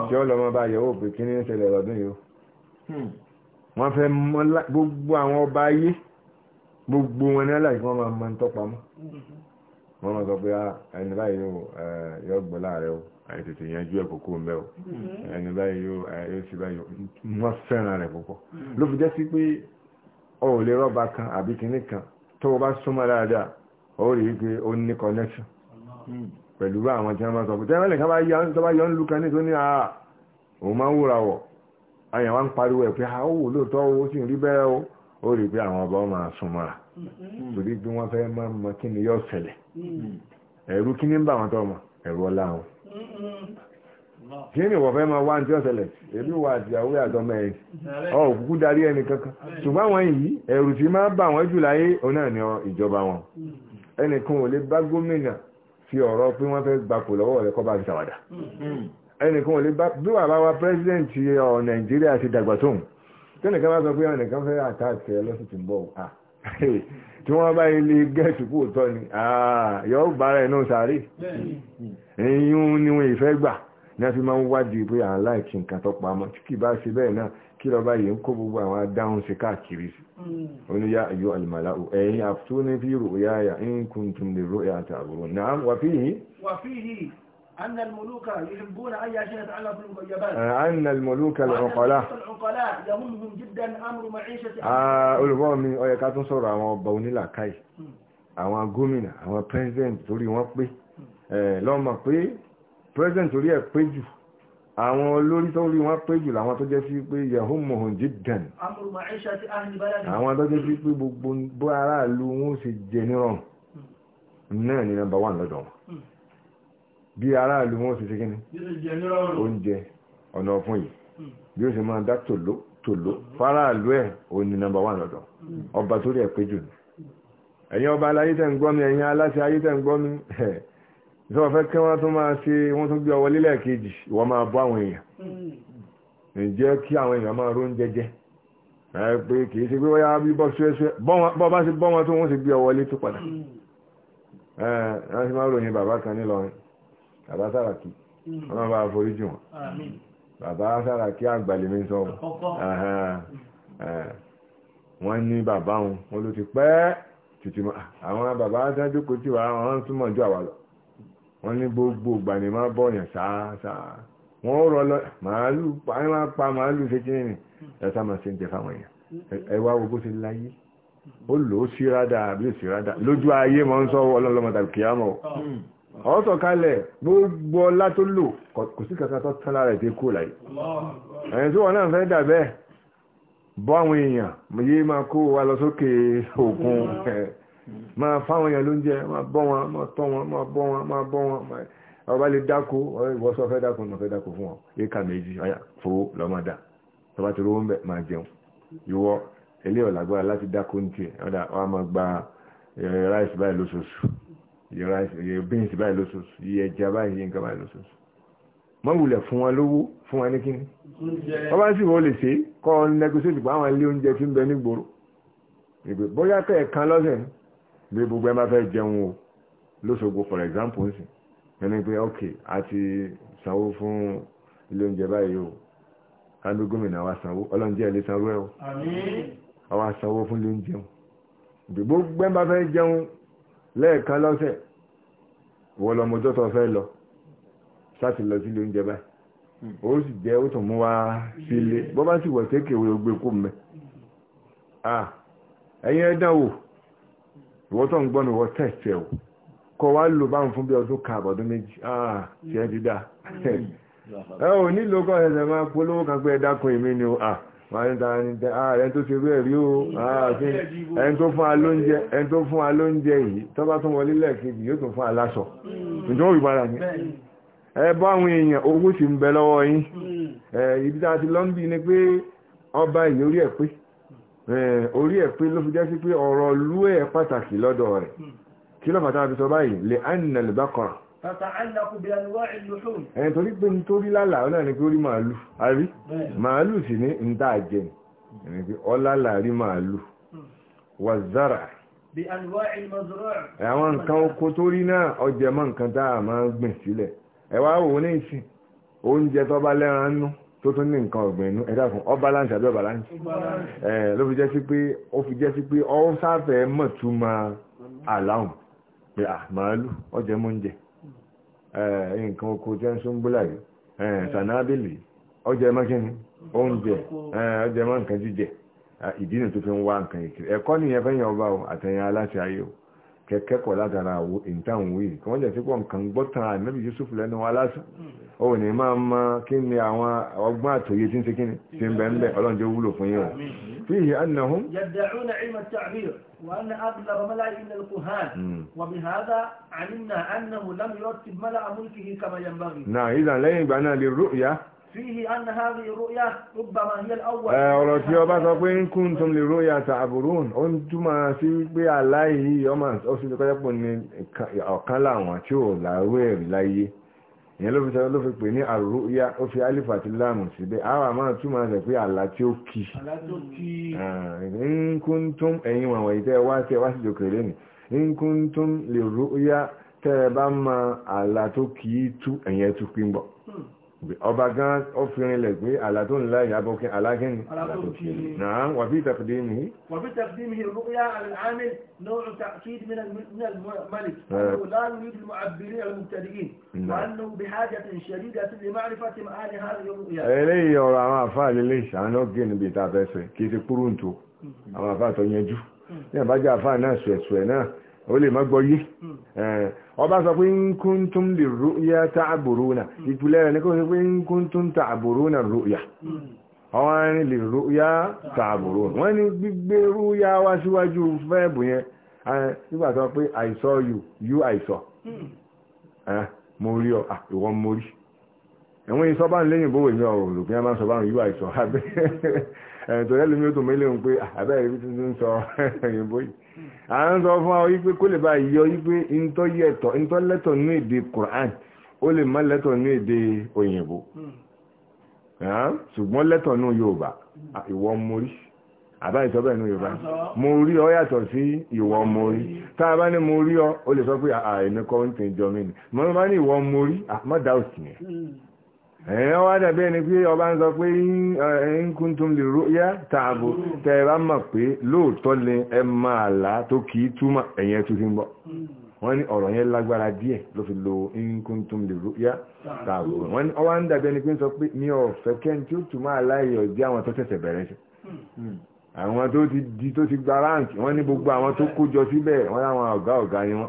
tí ó lọ́mọ bá yẹ̀wò pé kí ní ṣẹlẹ̀ lọ́dún yìí wọ́n fẹ́ mọ̀ gbogbo àwọn ọba ayé gbogbo wọn ní aláìsí wọn máa ń tọ́pamọ́ wọ́n máa sọ pé ah, ẹni báyìí yóò gbọ́ láàrẹ o àìtètè yanjú ẹ̀ kókó mẹ́ o mm-hmm. ẹni báyìí yóò ṣe báyìí wọ́n fẹ́ràn rẹ̀ púpọ̀ ló fi jẹ́ sí pé ọ ò lè rọ́ba kan àbí kan tó o bá súnmọ́ dáadáa ó rí i pé ó ní connection pẹ̀lú bá àwọn tí wọ́n bá sọ pé tẹ́lẹ̀ kan bá yọ tó bá yọ ń lu kan ní àá òun máa ń wúra wọ̀ àyàn pariwo ẹ̀ pé a ó wò lóòótọ́ ó sì ń o ó rí i pé àwọn ọba máa súnmọ́ra mm-hmm. torí bí wọ́n fẹ́ máa mọ kí ni yóò ṣẹlẹ̀ mm-hmm. ẹ̀rú kí ni ń kí ni wọ́n fẹ́ máa wá ní ọ̀sẹ̀lẹ̀ èmi wà àtìyàwó àtọmọ ẹ̀ ọ òkúkú darí ẹni kankan ṣùgbọ́n àwọn yìí ẹ̀rù tí máa bà wọ́n jù láyé òun náà ni ìjọba wọn ẹnìkan ò lè bá gómìnà fi ọ̀rọ̀ pé wọ́n fẹ́ gbapò lọ́wọ́ rẹ̀ kọ́ bá fi ṣàwàdà ẹnìkan ò lè bá bí wàá bá wa pírẹsidẹ́ǹtì ọ̀ nàìjíríà ti dàgbà tóun tẹ́nìkan bá sọ pé ẹnìkan fẹ́ àtàkì ẹ lọ́sùn tí ń bọ̀ tí wọ́n bá ilé gẹ̀ẹ́sì kú òótọ́ èyún ni wọ́n ìfẹ́ gbà ní a fi máa ń wádìí pé à ń láìkí nǹkan tó pamọ́ tí kì bá ṣe bẹ́ẹ̀ náà kí lọ́ba yìí ń kó gbogbo àwọn adáhùn sí káàkiri sí oníyá ayò àlùmọ̀lá ẹ̀yìn àtúní fi rò yá yà ń kún tún lè rò yà àti náà wà fi yìí. wà fi yìí أن الملوك يحبون أن يشهد على بالمغيبات أن الملوك العقلاء العقلاء يهمهم جدا أمر معيشة olùbọ́ mi ó yẹ ká tún sọ̀rọ̀ àwọn ọba onílàkàì hmm. àwọn gómìnà àwọn pẹ́sidẹ̀ntì torí wọ́n pé lọ́mọ pé president orí ẹ̀ pé jù àwọn olórí tó rí wọn pé jù làwọn tó jẹ́ sí pé yahoo mohun jidan àwọn tó jẹ́ sí pé gbogbo bó aráàlú wọn ṣe jẹ nírọ̀rùn hmm. náà ni nọ́mbà wà lọ́dọ̀ wọn hmm. bí aráàlú wọn ṣe ṣe kí ni oúnjẹ ọ̀nà ọ̀fun yìí hmm. bí ó ṣe máa dá tòló tòló fáráàlú ẹ̀ òun ni nọ́mbà wà lọ́dọ̀ ọba tó rí ẹ̀ pé jù ní ẹ̀yin ọba aláyé tẹ̀ ń gbọ́ mi ẹ̀yin aláṣẹ ayé tẹ̀ ń gbọ́ mi ẹ̀ ìsọ́wọ́ fẹ́ kí wọ́n tún máa ṣe wọ́n tún gbé ọwọ́ lílẹ̀ kejì ìwọ́n máa bọ́ àwọn èèyàn hmm. ǹjẹ́ kí àwọn èèyàn máa ró ń jẹjẹ ẹ pé kìí ṣe pé wọ́n yá bí bọ́ ṣúẹ́ṣúẹ́ bọ́ bá ṣe bọ́ wọn tó wọ́n ṣe gbé ọwọ́ lé tó padà hmm. ẹ wọ́n ṣe máa ròyìn bàbá kan nílọrin bàbá hmm. bàbá Sàràkí àgbàlẹ̀ wọ́n ní bàbá wọn àwọn bàbá adájókòó tí wàá wọn súnmọ́ ju àwa lọ wọ́n ní gbogbo ìgbà ni máa bọ̀yàn sáásáá wọ́n rọ lọ màálù máa pa màálù ṣe kí nìyí ẹ̀sà máa ṣe ń jẹ fáwọn èèyàn ẹ wá wo bó ṣe láyé ó lò ó sí rádà àbí ò sí rádà lójú ayé máa ń sọ ọlọ́lọ́mọ tàbí kìámọ̀ ọ̀sọ̀ kalẹ̀ gbogbo ọlá tó lò kò sí kankan tó tán lára ìdíkù láyé ẹ̀yìn tí wọ́n náà fẹ́ dà bẹ́ẹ̀ bọ́ àwọn èèyàn yé máa kó wa lọ sókè òkun máa fáwọn èèyàn ló ń jẹ ma bọ́ wọn máa tọ́ wọn máa bọ́ wọn máa bọ́ wọn ọba lè dáko ìwọ́sọ fẹ́ dáko náà fẹ́ dáko fún wọn éka méjì ọyà fowó lọ́mọdà tọba tó rówó ń bẹ̀ máa jẹun ìwọ ilé ọ̀làgbára láti dáko ní tiẹ̀ ọ̀dà wọn máa gba ráìsì báyìí lóṣooṣù bíǹsì báyìí lóṣooṣù iye ẹja báyìí iye nǹkan báyìí lóṣooṣù mọ́ wulẹ̀ fún wọn lówó fún wọn ní kíni ọba sì wọ́n lè ṣe kọ́ ọ́n pé àwọn ilé oúnjẹ ti ń bẹ nígboro ìgbè bóyá kẹ́ẹ̀kan lọ́sẹ̀ ni bí gbogbo ẹ bá fẹ́ jẹun o lóṣogbo for example nsìn ẹni pé ok àti sanwó fún ilé oúnjẹ báyìí o kábí gómìnà wa sanwó ọlọ́njẹ́ ilé sanwó ẹ o àwa sanwó fún ilé oúnjẹ o bí gbogbo ẹ bá fẹ́ jẹun lẹ́ẹ̀kan lọ́sẹ̀ wọ́n lọ mọjọ́ tó fẹ́ lọ sáti lọ sílé oúnjẹ báyìí ó sì jẹ́ ó tún mú wá sílé bọ́ bá sì wọ̀ sékèwé ogbe kú mẹ́ ẹ̀yin ẹ̀dánwò ìwọ́n tó ń gbọ́ ní wọ́n test ẹ̀ o kọ́ wá lò bá ń fún bí ọdún kan àbọ̀dún méjì ah ti ẹ ti dá ẹ ò nílò kọ́ ẹsẹ̀ máa polówó kan pé ẹ èmi ni o ah wọ́n ta ni tẹ ah ẹni tó ṣe rú ẹ̀rí o ah ẹni tó fún alóúnjẹ ẹni tó fún alóúnjẹ yìí tó bá tún wọlé lẹ́ẹ̀kejì yóò tún fún aláṣọ hmm. ǹjẹ́ wọ́n rí bára ẹ bá àwọn èèyàn owó sì ń bẹ lọ́wọ́ yín hmm. eh, ibi tá a ti lọ́ńbì ni pé ọba ìyórí ẹ̀ pé Eh, orí ẹ̀ pé ló fi jẹ́ sí pé ọ̀rọ̀ lú ẹ̀ pàtàkì lọ́dọ̀ rẹ̀ hmm. kí lọ́pàá tàbí sọ báyìí lè ánìyàn lè bá kọ̀rọ̀ ẹni torí pé nítorí lálà ó náà ni pé ó rí màálù àrí màálù sì ní ǹdá àjẹ ẹni pé ọlálà rí màálù hmm. àwọn nǹkan oko tó rí náà ọjẹ́ mọ́ nǹkan tá a máa gbìn sílẹ̀ ẹ̀wá òun ní ìsìn oúnjẹ tó tó tún ní nǹkan ọ̀gbìn inú ẹ̀dá fún ọ balance àbí ọ balance ẹ̀ ló fi jẹ́ sí pé ó fi jẹ́ sí pé ọ sáfẹ́ mọ̀ tún máa àláhùn pé à ah, màálù ọjẹ́ mọ́ ń jẹ nǹkan oko jẹ́ ń sún búlà yìí sànábìlì ọjẹ́ mọ́ kí ni oúnjẹ ọjẹ́ mọ́ nǹkan jíjẹ ìdí nì tó fi ń wá nǹkan ìkiri ẹ̀kọ́ nìyẹn fẹ́yìn ọba àtẹ̀yìn aláṣẹ ayé o kẹ́kẹ́kọ̀ọ́ látara ìtàwí kọ́ jẹ́ sí pọ̀ nǹkan gbọ́tàn ànábì Yusuf lẹ́nu wa lásán hmm. ó ní máa ma kí ni àwọn ọgbọ́n àtòyé tí ń ṣe kíni tí ń bẹ̀ẹ́ hmm. Ọlọ́run jẹ́ wúlò fún yín o fíhì annahum yad'una ilma at-ta'bir wa anna ọ̀rọ̀ tí ọba sọ pé ń kún tó lè róyà tààbùrún ó ń túmọ̀ sí pé aláìyí ọmọ ọ̀sùn ìpẹ́lẹ́pọ̀ ní ọ̀kan láwọn tí ó láwẹ́ ẹ̀rí láyé ìyẹn ló fi sọ ló fi pè ní àrúyá ó fi alifa ti láàmù síbẹ̀ àwọn àmọ́ túmọ̀ sẹ̀ pé àlá tí ó kì ń kún tó ẹ̀yìn wọ̀nwọ̀ yìí tẹ́ wá sí ẹ wá sí jòkè lẹ́nu ń kún tó lè róyà tẹ́ ẹ bá mọ àlá tó kì í tú ẹ̀yẹ tó pín bọ̀ ọba gan ó fi rinlẹ̀ pé àlá tó ń lá ìyàbọ̀ kí alágẹ́ni náà wà fí tàfidé mi. wà fí tàfidé mi rúkúyà àmì náà tàfidé mi náà malik ọ̀la yìí mọ̀ àbírí àlùmùtàdìyìn wà nù bí hájà tó ń ṣẹlí dàtí lè máa rí fàtí máa ní hàrá yóò rúkúyà. eléyìí ọ̀rọ̀ àwọn àfáà lélẹ̀ ìṣàánú gé níbi kì í ti kúrú o lè má gbọ́yé hmm. ọba sọ pé ń kún tún lè rúyà ta'buruna ìpìlẹ̀ rẹ̀ ní kó sọ pé ń kún tún ta'buruna rúyà hmm. àwọn ẹni lè rúyà ta'buruna wọ́n ní gbígbé rúyà wá síwájú fẹ́ẹ̀bù yẹn nígbà tó pé I saw you you hmm. mo ọ ìwọ mo rí ẹ̀wọ̀n lẹ́yìn bówó ìmí ọ̀rọ̀ máa sọ ẹ̀tọ́ lẹ́lùmí ó tó mẹ́lẹ̀ ń pé àbẹ́rẹ́ ibi tuntun ń sọ òyìnbó yìí à ń sọ fún ọ wípé kó lè bá yọ wípé ntọ́ yẹtọ̀ ntọ́ lẹ́tọ̀ ní èdè Qur'an ó lè má lẹ́tọ̀ ní èdè òyìnbó ṣùgbọ́n lẹ́tọ̀ ní Yorùbá ìwọ mórí àbá ìsọ́bẹ̀ ní Yorùbá mo rí ọ yàtọ̀ sí ìwọ mórí tá a bá ní mo rí ọ ó lè sọ pé àìmẹ́kọ́ ń tẹ̀ jọ mí ni mo ní ẹ̀yàn wá dàbí ẹni pé ọba ń sọ pé in kuntum lirru'ya tààbò tẹ́ẹ̀bá mọ̀ pé lóòótọ́ lè ẹ máa là tó kìí túmọ̀ ẹ̀yẹn tó ti ń bọ̀ wọ́n ní ọ̀rọ̀ yẹn lágbára díẹ̀ ló fi lo in kuntum lirru'ya tààbò wọ́n ní ọwá ń dàbí ẹni pé ń sọ pé mi ò fẹ́ kẹ́ni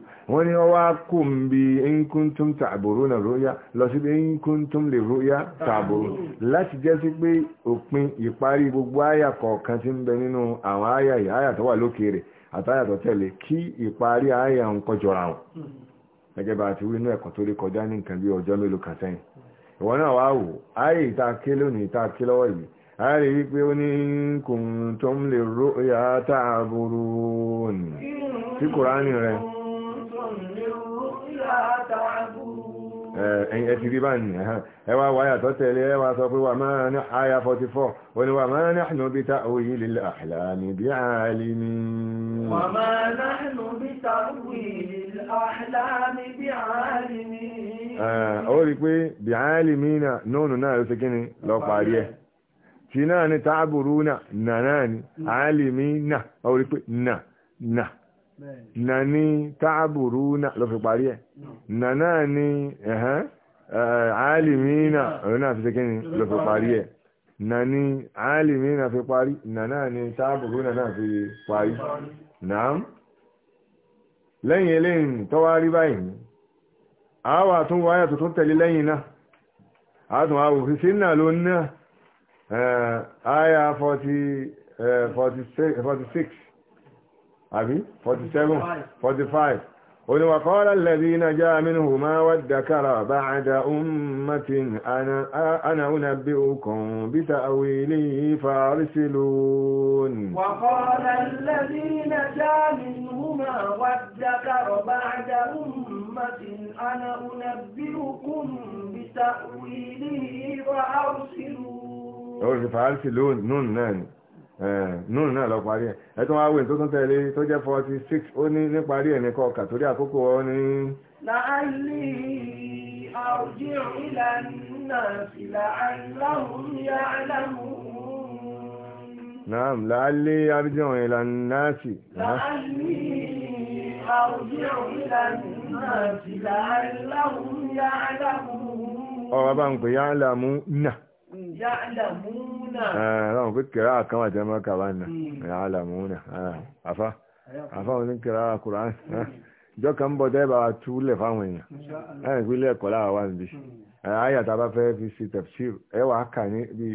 wọ́n ni ọwá kò ń bí nkúntún tààbòrò náà róyá lọ sí pé nkúntún lè róyá tààbòrò láti jẹ́ sí pé òpin ìparí gbogbo àyà kọ̀ọ̀kan tí ń bẹ nínú àwọn àyà yìí àyà tó wà lókè rẹ̀ àtàyà tó tẹ̀lé kí ìparí àyà ń kọjọra wọn gẹ́gẹ́ bá ti wí inú ẹ̀kọ́ bí ọjọ́ mélòó kan sẹ́yìn ìwọ náà wá wò ìta ké lónìí ìta ké lọ́wọ́ yìí ó ní ẹ ti rí báyìí ẹ wá wáyà tó tẹ̀lé ẹ wá sọ pé wà máa ní àyà 44 wọ́n ni wà máa nahnu bi ta'wilil ahlami bi alimin wà máa nahnu bi ta'wilil ahlami bi alimin ó rí pé bi alimin náà nónù náà ló ti lọ parí ẹ tí náà ni ta'buruna náà náà mm. náà ó rí pé náà nàní táàbùrú náà ló fi parí ẹ̀ nàná ni àálìmínà òun náà fi ṣe ló fi parí ẹ̀ nàní àálìmínà fi parí nàná ni táàbùrú náà fi parí nàám lẹ́yìn eléyìn tọ́wárí báyìí àwà tún wáyà tuntun tẹ̀lé lẹ́yìn náà àtùn àwòfin sí náà ló ní náà àyà 46 àbí 47 45 oníwàkọ́lá lẹ́bí iná já mínú hù máa wà dákàrà bá àdá ummatin ana una bí okùn bí ta àwílì fàrísìlún wàkọ́lá lẹ́bí iná já mínú máa wà dákàrà bá àdá ummatin ana una bí okùn bí ta àwílì fàrísìlún Eh, nùn náà lọ parí ẹ̀ ẹ̀tún wá wẹ̀ tó tún tẹ̀lé tó jẹ́ 46 ó ní níparí ẹ̀ ní kọkà torí àkókò ọ ní. láàlì àrùjẹ́ ìlànà sílà àìláhùn yá aláhùn. نعم لعلي أرجع إلى الناس لعلي أرجع إلى الناس لعلهم يعلمون أو بانك يعلمون ya'lamuna ọ̀rọ̀ pé kìrá àkánwà jẹ́ mọ́ kàbánà ya'lamuna àfá àfá òní kìrá Kùránì ìjọ kan bọ̀ dẹ́bà túlẹ̀ fáwọn èèyàn láì pínlẹ̀ ẹ̀kọ́ láwà níbi hmm. eh, ayàtà bá fẹ́ fi ṣe tafsir ẹwà kà ní bí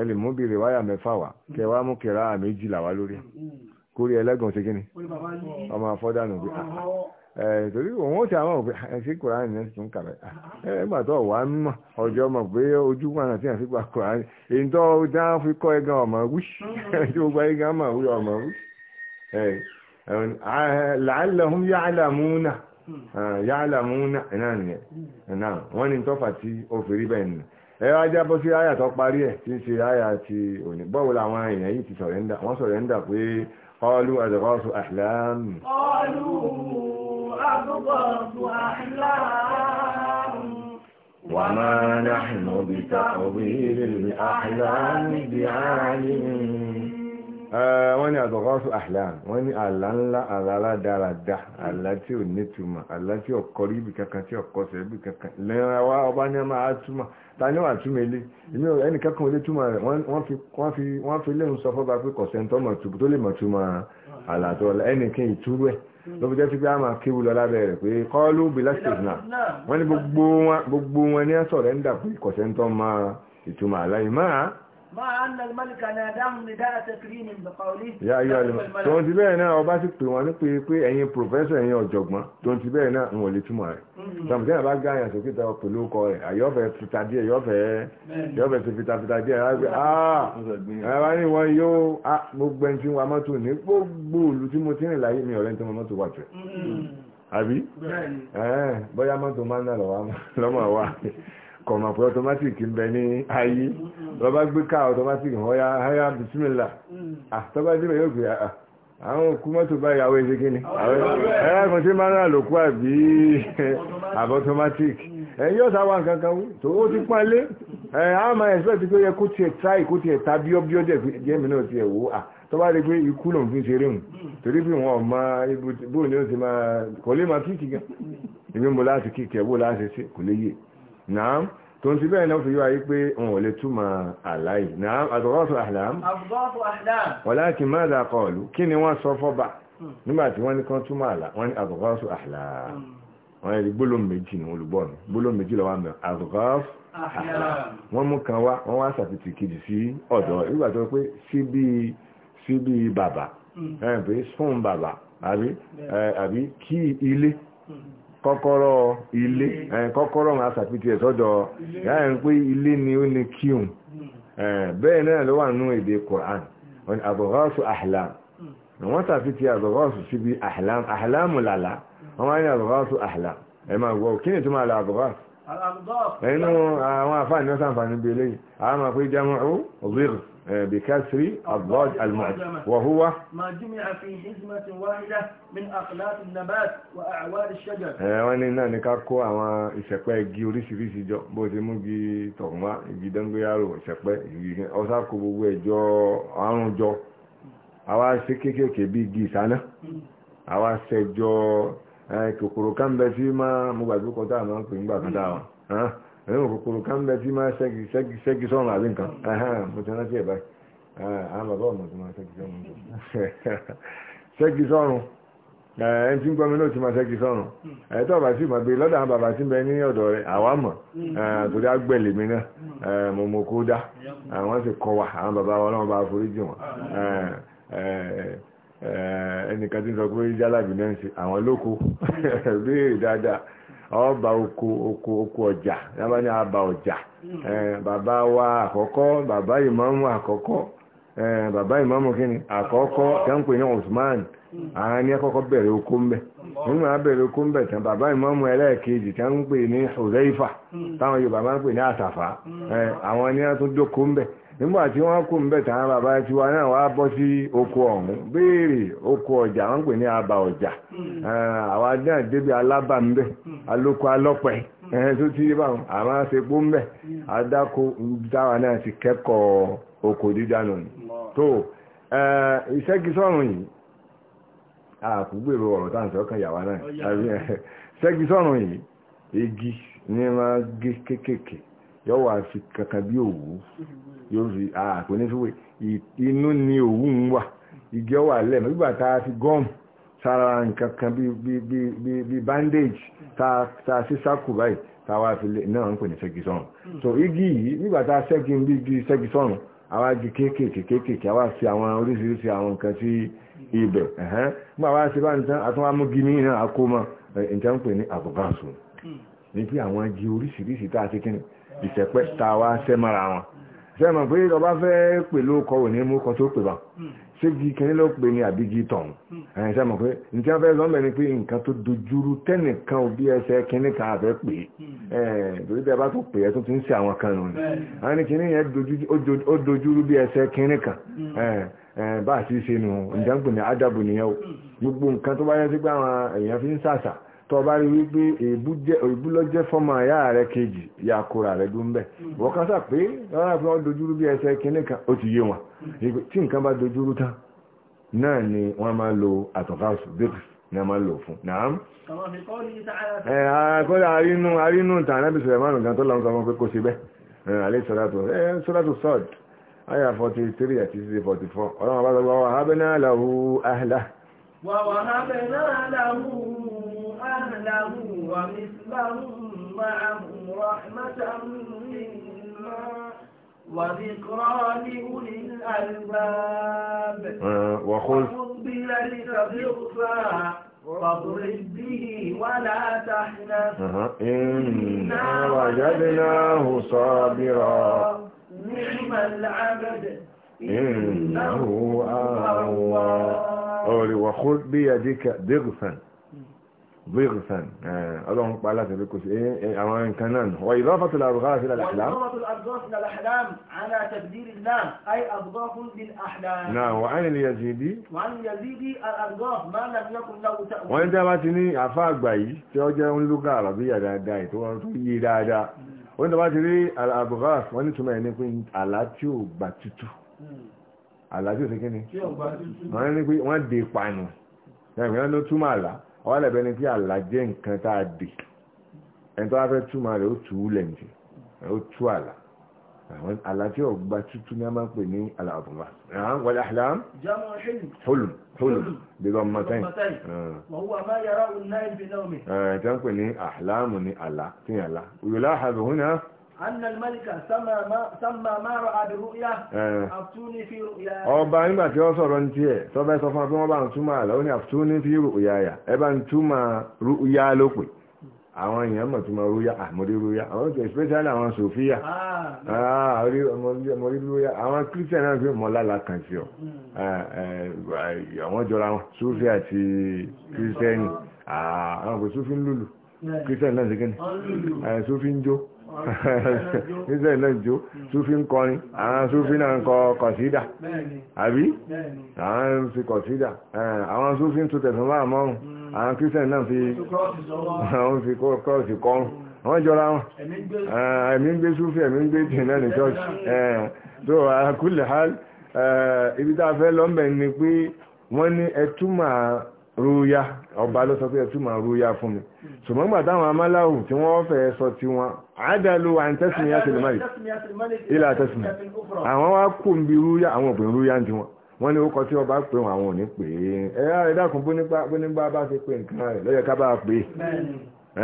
ẹlẹ́múbìrì wáyà mẹ́fà wà hmm. kẹwàá mú kìrá méjìlá wá lórí hmm. kórí ẹlẹ́gàn ṣe kí ni ọmọ afọ́dà nù bí torí òun ti àwọn òfin àti kòránì náà tún kàbẹ̀ ẹgbà tó wà á mọ̀ ọjọ́ pé ojú pàrọ̀ sí àti kòránì èyí tó dáhùn fi kọ́ ẹgan ọmọ wíṣì tí gbogbo ayé gan mọ̀ ọmọ wíṣì làálàhùn yàálàmúnà yàálàmúnà náà nìyẹn náà wọ́n ní tọ́fà tí ó fi rí nù ẹ wá jábọ́ sí àyà tó parí ẹ̀ tí ń ṣe àyà ti òní bọ́ọ̀wù làwọn èèyàn yìí ti sọ̀rẹ́ńdà wọ́n sọ̀rẹ́ńdà pé qalu adghasu ahlam qalu أبغض أحلام وما نحن بتعبير الأحلام بعالم wọ́n ní àtọ̀kọ́sù àhìláàn wọ́n ní àlá ńlá àlá dáradá àlá tí ò ní túmọ̀ àlá tí ọ̀kọ́ rí ibi kankan tí ọ̀kọ́ sẹ̀ ibi kankan lẹ́yìn wa ọba ní a máa túmọ̀ ta ni wàá túmọ̀ ilé èmi ò ẹnì kankan ilé túmọ̀ rẹ̀ wọ́n fi lẹ́nu sọ fọ́ba pé kọ̀sẹ̀ tó lè mọ̀ túmọ̀ àlá tó ẹnì ìtúrú ẹ̀ ló fi jẹ́ sí pé a máa kéwu lọ lábẹ́ rẹ̀ pé kọ́ọ́lù bílá ṣèṣinà wọ́n ní gbogbo wọn ní sọ̀rẹ́ńdà pé kọ̀sẹ́ńtọ́ máa ìtumọ̀ àlàyé máa مع أن الملك ناداهم نداء تكريم بقوله يا أيها الملك tó ń ti bẹ́ẹ̀ náà ọba sì pè wọ́n ní pé pé ẹ̀yin pòfẹ́sọ̀ ẹ̀yin ọ̀jọ̀gbọ́n tó ń ti bẹ́ẹ̀ náà ń wọlé túmọ̀ rẹ̀ tàbí àbá gá àyàn sókè tó pẹ̀lú ọkọ rẹ̀ àyọ̀fẹ́ fita díẹ̀ yọ̀fẹ́ yọ̀fẹ́ ti fita fita díẹ̀ yọ̀fẹ́ ah ẹ̀rọ ni wọ́n yóò gbogbo ẹni tí wọ́n mọ́tò ní gbogbo òlu tí mo ti rìn láyé mi ọ̀rẹ́ ní tí mo mọ́tò wà jẹ́ àbí bóyá mọ́tò máa ń dà lọ́wọ́ wa kọ̀mọ̀ pé automatic ń bẹ ní ayé lọ́bá gbé ká automatic ọ̀yá ayá bisimilá àtọ́bá mm. ah, sílẹ̀ yóò pè á ah, ah, àwọn òkú mọ́tò bá ìyàwó ẹ̀ṣẹ́ kí ni ẹ̀yà kan tí máa ń rà lókú àbí àbọ̀ automatic mm. ẹ̀yìn yóò sáwà nǹkan kan wú tó ó ti pọ́n lé ẹ̀yà á máa expect yẹ kó tiẹ̀ try kó tiẹ̀ ta bíọ́bíọ́ dẹ̀ jẹ́mi náà tiẹ̀ wò á tó bá rí pé ikú lòun fi ṣeré hùn mm. torí bí wọn ọmọ ibùdó ní ó ti máa kò lè máa kíkì gan ìgbìmọ̀ láti kíkì ẹ̀wò láti ṣe kò lè yé náà tó ń ti bẹ́ẹ̀ náà fi yíwa yí pé òun ò lè túmọ̀ àláì náà àdọ́rọ́tò àhlám wàláàkì máa dà kọlù kí ni wọ́n sọ fọ́bà hmm. nígbàtí wọ́n ní kan túmọ̀ àlá wọ́n ní àdọ́rọ́tò àhlám hmm. wọ́n yẹ gbólóhùn méjì ní olùgbọ́ mi gbólóhùn méjì lọ́wọ́ mi àdọ́rọ́tò àhlám wọ́n mú kọ́kọ́rọ́ ilé eh, kọ́kọ́rọ́ ma sàpítì ẹ̀ sọ́dọ̀ yáà ń pé ilé ni ó ní kíùn hmm. eh, bẹ́ẹ̀ náà ló wà nú èdè Qur'an àbọ̀gọ́sù hmm. ahlam hmm. wọ́n sàpítì àbọ̀gọ́sù síbi ahlam ahlamu làlá wọ́n máa ní àbọ̀gọ́sù ahlam ẹ̀ máa gbọ́ kí ni tó máa la àbọ̀gọ́sù ẹnu àwọn àfáàní ọ̀sánfààní bíi eléyìí بكسر الضاد المعجم وهو ما جمع في حزمة واحدة من أقلات النبات وأعواد الشجر wọ́n ní náà ní ká kó àwọn ìṣẹ̀pẹ̀ igi oríṣiríṣi jọ bó ti mú igi tọ̀gbá igi dẹ́ngbéyàrò ìṣẹ̀pẹ̀ igi ọ̀sá kó gbogbo ẹ̀jọ àrùn jọ àwa ṣe kéékèèké bí igi ìsáná àwa ṣẹjọ kòkòrò kan bẹ sí máa mú gbàgbé kọjá àmọ́ pè ń gbàgbé dáwọn ẹ̀rọ kòkòrò ká ń bẹ tí máa ṣẹ́gi sọ́run àbí nǹkan mo ti rántí ẹ̀ báyìí àwọn bàbá ọ̀nà tó máa ṣẹ́gi sọ́run ṣẹ́gi sọ́run ẹni tí ń náà ti máa ṣẹ́gi sọ́run ẹ̀ tó bá sì máa gbé lọ́dọ̀ bàbá tí ń bẹ ní ọ̀dọ̀ rẹ̀ àwa mọ̀ torí àgbẹ̀lẹ̀ mi náà mo mọ kó dá sì wa àwọn bàbá náà bá foríjì wọn ẹnìkan sọ pé jálàbì ọba oku oku oku ọjà yàbá ní aba ọjà bàbá wa akọkọ bàbá ìmámù akọkọ bàbá ìmámù kíni akọkọ tẹ́ǹpẹ̀ ní Usman àwọn ní àkọ́kọ́ bẹ̀rẹ̀ oko ń bẹ̀ nígbà bẹ̀rẹ̀ oko ń baba tán bàbá ìmámù hmm. táwọn Yorùbá máa ń pè ní àwọn nígbà tí wọ́n kú mbẹ́ tàn án bàbá tí wọ́n náà wá bọ́ sí oko ọ̀hún béèrè oko ọjà wọ́n pè ní ọjà hmm. àwa náà débi alábà mbẹ́ hmm. alóko alọ́pẹ́ hmm. tó ti bá wọn àmọ́ àṣepọ̀ mbẹ́ adáko táwa náà ti kẹ́kọ̀ọ́ oko tó yìí ọ̀rọ̀ tá à ń sọ yàwá náà yóò fi àpò nífìwé inú ni òwú ń wà igi ọwà lẹ́mọ̀ nígbà tá a fi gọ́ọ̀mù sára nǹkan bí bandage ta a sí sákù báyìí tá a wá fi lé náà ń pè ní sẹ́gisọ́rùn so igi yìí nígbà tá a sẹ́gi bí igi sẹ́gisọ́rùn àwa igi kéékèèké kéékèèké àwa fi àwọn oríṣiríṣi àwọn nǹkan sí ibẹ̀ nígbà wá sí bá ń tán àtúnwámúgi ní ìhàn àkómọ ìjẹun pè ní àbùbáṣù hmm. ní pé àwọn igi oríṣiríṣi tá a ti kíni ìṣẹ̀pẹ́ tá wá sẹ́ mọ́ra wọn ṣe mọ̀ pé ọba fẹ́ pè ló kọ mú tó pè bá hmm. ló pè ní àbígi tọ̀hún hmm. ẹ̀yìn ṣe mọ̀ pé ní tí fẹ́ pé nǹkan tó dojúrú tẹ́nìkan òbí ẹsẹ̀ kan àfẹ́ pè a bá tó pè é hmm. tó ti ń ṣe àwọn kan ní yẹn ó dojúrú bí ẹsẹ̀ kan bá a ti ṣe nù ǹjẹ́ ń pè ní ádàbò nìyẹn o gbogbo nǹkan tó bá yẹ tó bá rí wípé èébú lọ́jẹ́ fọ́mọ àyá rẹ̀ kejì ya kóra rẹ̀ gún bẹ́ẹ̀ wọ́n kásà pé rárá pé wọ́n bí ẹsẹ̀ kínní kan ó ti yé wọn tí nǹkan bá dojúrú tán náà ni wọ́n máa lo àtọ̀káṣù bíkì ni a máa lò fún náà. àkọ́lẹ̀ arínú arínú tààrà bí sọ̀rọ̀ márùn-ún gan tó lọ́nkọ́ wọn pé kó ṣe bẹ́ẹ̀ alẹ́ sọ́dátù sọ́ọ̀d ayà 43 àti 44 ọlọ́run bá sọ ووهبنا له أهله ومثلهم معهم رحمة منا وذكرى لأولي الألباب آه، وخذ بذلك ضغثا فاضرب به ولا تحنف إنا وجدناه صابرا نعم العبد إنه أواب ọ̀rẹ́ wà kó bí yàdíkà dẹ́gùsàn dẹ́gùsàn ọlọ́run pa aláṣẹ bí kò sí eh, eh, àwọn nǹkan náà nù wà ìlọ́fà tó lárúkọ àti àlàkìlám. náà wà á nílé yazidi. wọ́n ní dábàá ti ní àfa àgbà yìí tí ó jẹ́ ń lúgà àràbíyà dáadáa ètò wọn tó yí dáadáa wọ́n ní dábàá ti rí àbúrò wọ́n ní túmọ̀ ẹni àlàájú sí kíni wọ́n ní pé wọ́n dè panu ẹ̀mí wọn ló túmọ̀ àlá ọwọ́ lẹ̀bẹ̀ ni pé àlá jẹ́ nǹkan tá a dè ẹni tó wá fẹ́ túmọ̀ rẹ̀ ó tù ú lẹ́ǹdì ó tú àlá àwọn àlá tí ọgbà tútù ní a máa ń pè ní àlá àbùmá wọlé àlá hulum hulum bíbọn mọtẹyìn ẹ ẹ jẹ́ ń pè ní àlámù ní àlá tí yàn lá òyòlá àbẹ̀hún ọba nígbà tí ó sọ̀rọ̀ ní tiẹ̀ sọ́bẹ́ sọ fún ọ pé wọ́n bá ń túmọ̀ àlọ́ ó ní àfitúní fi rúùyá yà ẹ bá ń túmọ̀ rúùyá ló pè àwọn èèyàn mọ̀ túmọ̀ rúùyá àmọ́rí ah, rúùyá àwọn oṣù especially àwọn sofia àmọ́rí rúùyá àwọn christian náà fi mọ́ lálá kan sí ọ hmm. ah, eh, àwọn jọra wọn sofia àti christian hmm. ah, àwọn kò sófin lùlù christian náà sí kíni sófin jó. níṣẹ́ iná ìjó súfí ń kọrin àwọn súfí náà ń kọ kọ̀sídà àbí àwọn ń fi kọ̀sídà àwọn súfí ń tutẹ̀ fún báà mọ́rùn hmm. àwọn kírísẹ̀n náà fi àwọn fi kọ́ọ̀sì kọrùn wọ́n jọra wọn ẹ̀mí ń gbé súfí ẹ̀mí ń gbé tìǹ náà ní chọ́ọ̀chì tó àkúlẹ̀ ibi tá a fẹ́ lọ́m̀bẹ̀ ni pé wọ́n ní ẹtúmọ̀ rúyá ọba ló sọ pé ẹ túmọ̀ rúyá fún mi ṣùgbọ́n gbà táwọn amáláwù tí wọ́n fẹ́ sọ tí wọ́n àádàlú àǹtẹ́sìmí àtìlẹ́mọ́lì ilẹ̀ àtẹ́sìmí àwọn wá kò ń bi rúyá àwọn òpin rúyá ń ti wọn wọ́n ní ó kọ tí ọba pé wọn àwọn ò ní pè é ẹ̀yà rẹ̀ dákun bó nígbà bá ṣe pé nǹkan rẹ̀ lọ́yẹ̀ ká bá pè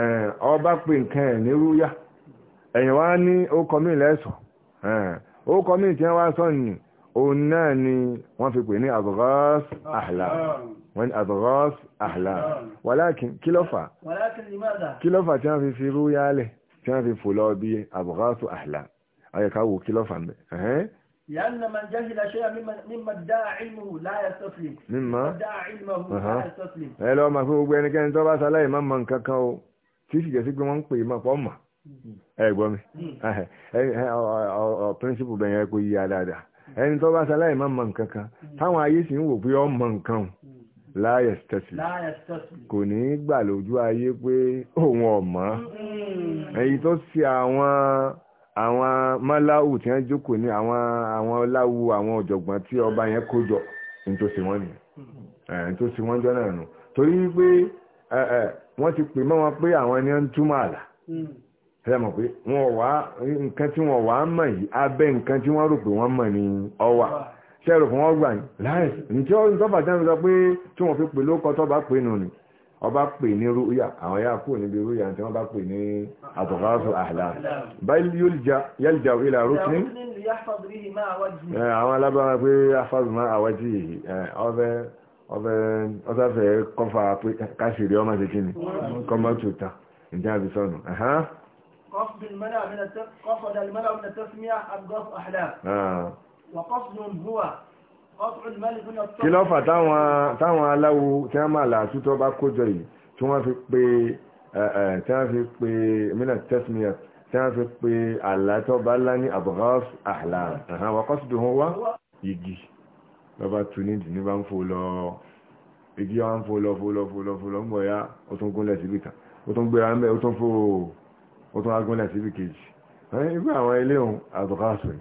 é ọba pé nǹkan ẹ̀ ní rúyá ẹ̀yìn wá ní ó kọ mí lẹ́sọ̀ ó kọ mí tí wọ́n wá sọ ni òun náà ni wọ́n fi pè ní àgọ́gọ́s àhàlà wọ́n àbọ̀rọ́s àhàlà wàlákin kílọ́fà kílọ́fà tí wọ́n fi fi rú yálẹ̀ tí wọ́n fi fò lọ bí àbọ̀rọ́s àhàlà ayẹ̀ká wo kílọ́fà ń bẹ̀ لأن من جهل شيئا مما ادعى علمه لا يستسلم مما ادعى علمه لا يستسلم ẹ lọ máa fi gbogbo ẹnikẹ́ni tó bá ṣaláì máa mọ nǹkan kan o tí sì jẹ́ sí pé wọ́n ń pè é máa pọ́ mà ẹ gbọ́ mi píríncípù bẹ̀yẹn kò yí dáadáa hmm. ẹni tó bá ṣaláì máa mọ nǹkan kan hmm. táwọn ayé sì ń wò pé ó mọ nǹkan o hmm láyẹ̀ stẹ́sì kò ní gbà lójú ayé pé òun ọ̀mọ́ èyí tó ṣe àwọn àwọn mọ́láwù tí wọ́n jókòó ní àwọn àwọn láwù àwọn ọ̀jọ̀gbọ́n tí ọba yẹn kó jọ ní tó ṣe wọ́n nìyẹn ní tó ṣe wọ́n jọ náà nù torí pé wọ́n ti pè mọ́ wọn pé àwọn ẹni ń túmọ̀ àlà mm. ẹ mọ̀ pé wọ́n wá nǹkan tí wọ́n wá mọ̀ yìí abẹ́ nǹkan tí wọ́n rò pé wọ́n mọ̀ ní ọwà ṣẹ́rù fún wọn gbà yín láì ní tí wọ́n tọ́ba tẹ́lẹ̀ sọ pé tí wọ́n fi pè lóko tọ́ba pè nù ni ọba pè ní rúyà àwọn yà kúrò níbi rúyà tí wọ́n bá pè ní àtọ̀kọ́sọ àhàlà báyìí yálìjà ìlà rúkín àwọn alábàárà pé afásùmá àwájì ọfẹ́ ọfẹ́ ọsáfẹ́ kọfà pé káṣìírí ọmọ ṣe kí ni kọmọ tuta ìjà àbí sọnù قصد المنع من التصمية أبقص أحلام kí ló fà táwọn aláwo tí wọ́n máa là tútọ́ bá kójọ yìí tí wọ́n fi pé tí wọ́n fi pé mina tesmia tí wọ́n fi pé àlàtọ́ bá lá ní abghas àhàlà àwọn akọ́sùdù wọn wá igi lọ́ba tún ní ìdí ní bá ń fò lọ igi wa ń fò lọ fò lọ fò lọ fò lọ ń bọ̀ ya ó tún gúnlẹ̀ síbì kan ó tún gbéra ń bẹ̀ ó tún fò ó tún agúnlẹ̀ síbì kejì ìgbà àwọn ilé òun abghas rẹ̀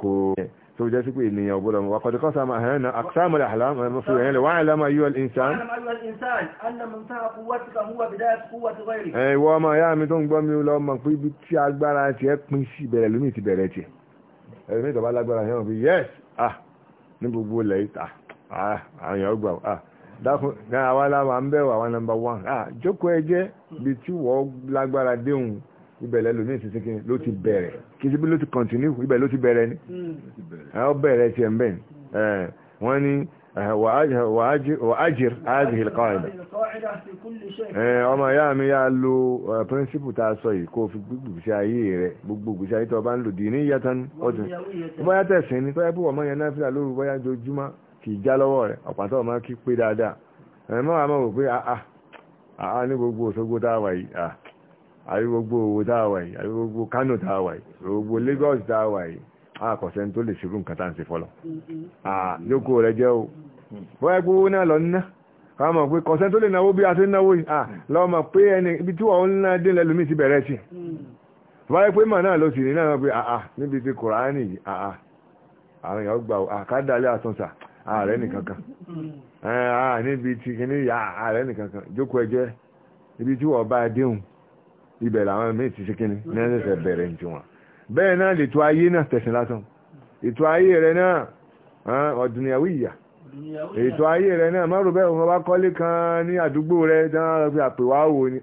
kò tó jẹ́ sí pé ènìyàn ọ̀gbọ́dọ̀ wà kọ̀dọ̀ kan sáàmà àhẹ́nà àksáàmàlà àhàlámà ẹmọ fún ẹ̀yẹn lè wà àlámà yíò ìnsán ẹ̀wọ́ ọmọ ìyá mi tó ń gbọ́ mi lọ mọ̀ pé ibi tí agbára ti ẹ́ pín sí ìbẹ̀rẹ̀ lómi ti bẹ̀rẹ̀ tiẹ̀ ẹ̀rọ mi ìtọ́ba lágbára yẹn bí yẹ́s ah ní gbogbo ilẹ̀ ìta ah, ah àyàn ọgbà ah dákun number one ah jókòó ẹ jẹ́ bí tí wọ́n lágbára ibẹ̀lẹ̀ lómi ìsinsin kí ló ti bẹ̀rẹ̀ kí síbí ló ti continue ibẹ̀ ló ti bẹ̀rẹ̀ ni ọ bẹ̀rẹ̀ ti ẹ̀ ń bẹ̀ wọ́n ní wàájìr áàzìhì kọ́ọ̀dà ọmọ ìyá mi yá lo píríncípù tá a sọ yìí kó fi gbùgbùsí ayé rẹ̀ gbogbo gbùsí ayé tó bá ń lò dì ní yàtọ̀ ọdún bóyá tẹ̀sìn ni tọ́yẹ́ bí wọ́n mọ̀ yẹn náà fìlà lóru bóyá jojúmọ́ kì í já lọ́wọ́ rẹ̀ ọ̀pátá ọmọ kí pé dáadáa ẹ̀mọ́ àmọ́ wò pé àá ah, ah, ah, ní gbogbo Òṣogbo dáwà yìí àbí gbogbo Òwò tá a wà yìí àbí gbogbo Kánò tá a wà yìí gbogbo Lagos tá a wà yìí àkọ̀sẹ́ tó lè ṣerú nǹkan tá à ń ṣe fọlọ̀ àlókò rẹ jẹ́ o bóyá gbogbo náà lọ ná káwọn mọ̀ pé kọ̀sẹ́ tó lè náwó bí a ti náwó yìí lọ́wọ́ mọ̀ pé ẹni ibi tí wọ́n ń ná dé lẹ́lùmí ti bẹ̀rẹ̀ sí báyẹ̀ pé màá náà ló sì ní náà pé àà níbi ti kùránì yìí àà àwọn èèyàn gbà àkádàlẹ́ àtúnṣà ààrẹ nìkankan àà níbi ti kìíní ààrẹ nìkankan jókòó ẹjẹ́ ibi tí wọ́n bá dé ibẹ̀ làwọn míì ti ṣe kíni ní ẹ̀sẹ̀ bẹ̀rẹ̀ ní bẹ́ẹ̀ náà lè tó ayé náà tẹ̀sìn lásán ètò ayé rẹ náà ọ̀dùnìyàwó ìyà ètò ayé rẹ náà márùn bẹ́ẹ̀ wọn bá kọ́lé kan ní àdúgbò rẹ̀ dáná pé àpèwà wò ni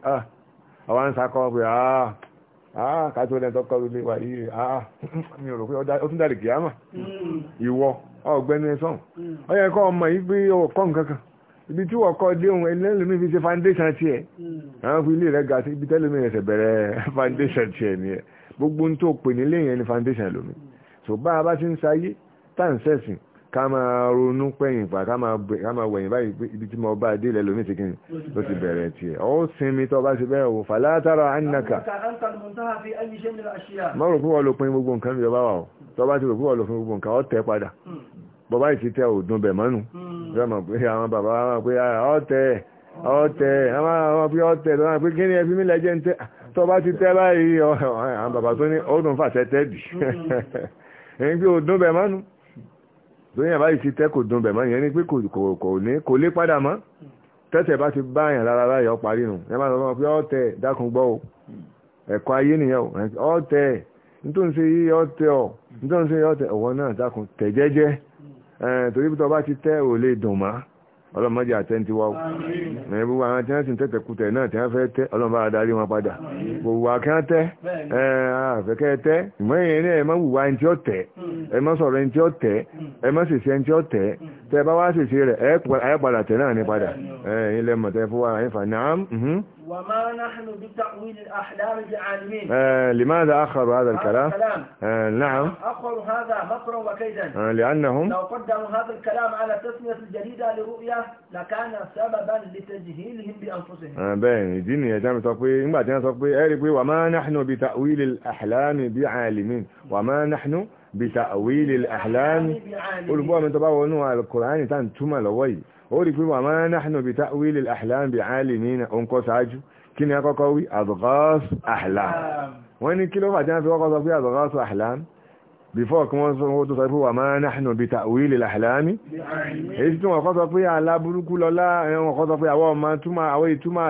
àwọn ń sakọ pé kátó tó mi rò pé ó tún dàrí kìámà hmm. ìwọ yẹ kó ọmọ yìí pé ọkọ̀ nǹkan kan ibi tí wọ́n kọ́ dé ohun ẹlẹ́lómi fi ṣe foundation tiẹ̀ hmm. àwọn fi ilé rẹ̀ ga sí ibi tẹ́lómi rẹ̀ ṣe bẹ̀rẹ̀ hmm. foundation tiẹ̀ nìyẹn gbogbo ohun tó pè nílé yẹn ni foundation lómi hmm. so bá a bá ti ń sayé tá à ń sẹ̀sìn ká máa ronú pẹ̀yìn fà ká máa wẹ̀yìn báyìí ibi tí mo bá dé ilẹ̀ lómi ti kíni ló ti bẹ̀rẹ̀ tiẹ̀ ọ́ sinmi tó bá ti bẹ̀rẹ̀ wò fàlátàrà ànàkà mọ́rò púpọ̀ ló pin gbogbo pin gbogbo nǹkan bọ́bá ìsì tẹ òdùn bẹ̀ mọ́nu rẹ́mọ̀ hmm. pé àwọn bàbá wọn pé ah, ọ̀tẹ̀ ọ̀tẹ̀ àwọn àwọn pé ọ̀tẹ̀ lọ́wọ́ pé kí ni ẹ fi mí lẹ́jẹ̀ ń tẹ́ ah, tó bá ti tẹ́ báyìí àwọn bàbá tó ní ọdún fàṣẹ tẹ́ bì hmm. ẹni pé òdùn bẹ̀ mọ́nu lóyún àbá ìsì tẹ́ kò dùn bẹ̀ mọ́nu yẹn pé kò lè padà mọ́ tẹ́tẹ̀ bá ti bá àyàn lára láyọ̀ parí nù ẹ máa sọ pé ọ̀tẹ̀ dákun gbọ́ o hmm. ẹ̀kọ́ ayé nìyẹn o ọ̀tẹ̀ nítorí ṣe yí ọ̀tẹ̀ ọ̀ nítorí ṣe yí ọ̀tẹ̀ ọ̀wọ́ náà dákun tẹ̀ torí bí tọba ti tẹ́ ò lè dùn má ọlọ́mọdé àtẹ́ntí wá ní gbogbo àwọn tí wọ́n sì ń tẹ́tẹ̀ kútẹ̀ náà tí wọ́n fẹ́ tẹ́ ọlọ́mọba adarí wọn padà gbogbo akẹ́ tẹ́ àfẹ́kẹ́ tẹ́ ìmọ̀yìn ní ẹ̀mọ́ wùwá ẹni tí ó tẹ́ hmm. ẹ̀mọ́ sọ̀rọ̀ ẹni tí ó tẹ́ hmm. ẹ̀mọ́ sèse ẹni tí ó tẹ́ hmm. tẹ́ bá wá sèse rẹ̀ ẹ̀ padà náà ní padà وما نحن بتأويل الأحلام بعالمين آه لماذا أخروا هذا الكلام؟ هذا آه نعم أخروا هذا مكرا وكيدا آه لأنهم لو قدموا هذا الكلام على تسمية الجديدة لرؤية لكان سببا لتجهيلهم بأنفسهم آه بين الدنيا يا جامع تقوي ما جامع تقوي أريكوي وما نحن بتأويل الأحلام بعالمين وما نحن بتأويل الأحلام قلوا من تبعوا أنه القرآن تان توما لوي ó rí pé wà máa nahnu bi ta'wil al-ahlam bi alimina ó ń kọ́ sáájú kí ni akọ́kọ́ wí adghas ahlam wọ́n ní kí ló fà jẹ́ fi kọ́kọ́ sọ pé adghas ahlam before kí wọ́n sọ tó sọ pé wà máa nahnu bi ta'wil al-ahlam èyí tí wọ́n kọ́ sọ pé aláburúkú lọ́lá wọ́n kọ́ sọ pé àwọn ọmọ àwọn ìtumọ̀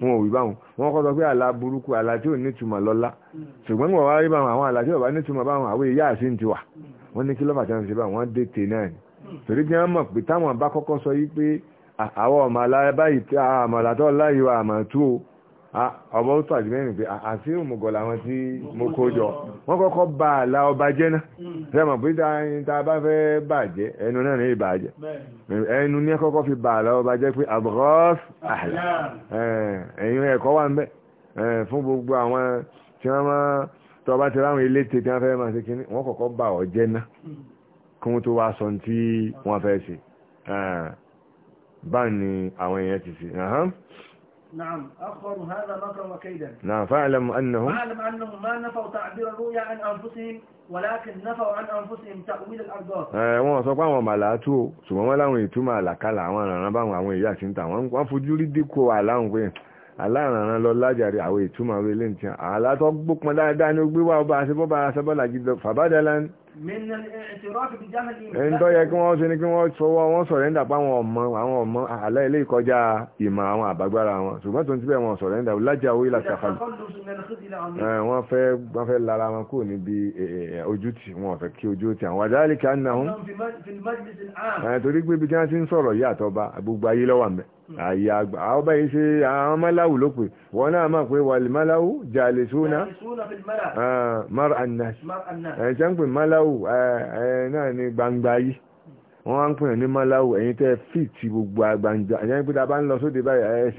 wọn ò wí wọn kọ́ sọ pé àlá burúkú àlá tí ò nítumọ̀ lọ́lá hmm. ṣùgbọ́n wọn báwọn àwọn àlá tí ò bá nítumọ̀ báwọn àwọn ìyá àṣìǹtì wà wọ́n ní kí lọ́fà tí wọ́n ṣe báwọn wọ́n dé tè náà ni torí jẹ́ mọ̀ pé táwọn bá kọ́kọ́ sọ yí pé àwọn ọmọ aláyébáyìí tí a àlàtọ́ láyé wa àmọ̀ tú o ọba ó pé àti òmùgọ̀ làwọn tí mo kó jọ wọ́n kọ́kọ́ bá àlà ọba jẹ́ náà a bá fẹ́ bàjẹ́ ẹnu náà ní ìbàjẹ́ ẹnu ní kọ́kọ́ fi bá àlà ọba jẹ́ pé àbọ̀gọ́s àlà ẹ̀yìn ẹ̀kọ́ wà ń bẹ̀ fún gbogbo àwọn tí wọ́n máa tọ́ bá ti ráwọn ilé tètè wọn fẹ́ máa ṣe kínní wọ́n kọ́kọ́ bá ọ jẹ́ náà kí tó wá sọ tí wọ́n fẹ́ ṣe bá ní àwọn èèyàn ti ṣe نعم أخبروا هذا مكرا وكيدا نعم فاعلم أنهم فاعلم أنهم ما نفوا تعبير الرؤيا عن أنفسهم ولكن نفوا عن أنفسهم تأويل الأرضاف wọ́n sọ pé àwọn màláàtú ṣùgbọ́n wọ́n láwọn ìtumọ̀ àlàkalà àwọn àrànà báwọn àwọn èyí àti ń ta wọ́n fojú rí díkò àláhùn pé aláàrán lọ lájàre àwọn ìtumọ̀ àwọn ilé nìkan àlátọ́ gbópọn dáadáa ní gbíwá ọba àṣẹbọ́ba àṣẹbọ́là jíjọ fàbádàlá ní ẹni tó yẹ kí wọ́n ṣe ní kí wọ́n fọwọ́ wọn sọ̀rẹ́ndà pa àwọn ọmọ àwọn ọmọ àlá ilé ìkọjá ìmọ̀ àwọn àbágbára wọn ṣùgbọ́n tó ń tibẹ̀ wọn sọ̀rẹ́ndà lájà owó ìlà kàfà wọ́n fẹ́ wọ́n fẹ́ lára wọn kò níbi ojú wọn fẹ́ kí ojú àwọn àdáyàlì kan náà torí pé ibi tí wọ́n ti ń sọ̀rọ̀ yìí àtọ́ba gbogbo ayé ló wà Hmm. àyè àgbà àwọn báyìí ṣe àwọn máláwù ló pè wọ́n náà máa pé wàlì máláwù jàlè súnà mara annas ẹ̀ṣẹ́ ń pè máláwù náà ní gbangba yìí wọ́n wá ń pè ní máláwù ẹ̀yin tẹ́ fi ti gbogbo àgbàǹjà ẹ̀yẹ́ pé ta bá ń lọ sóde báyìí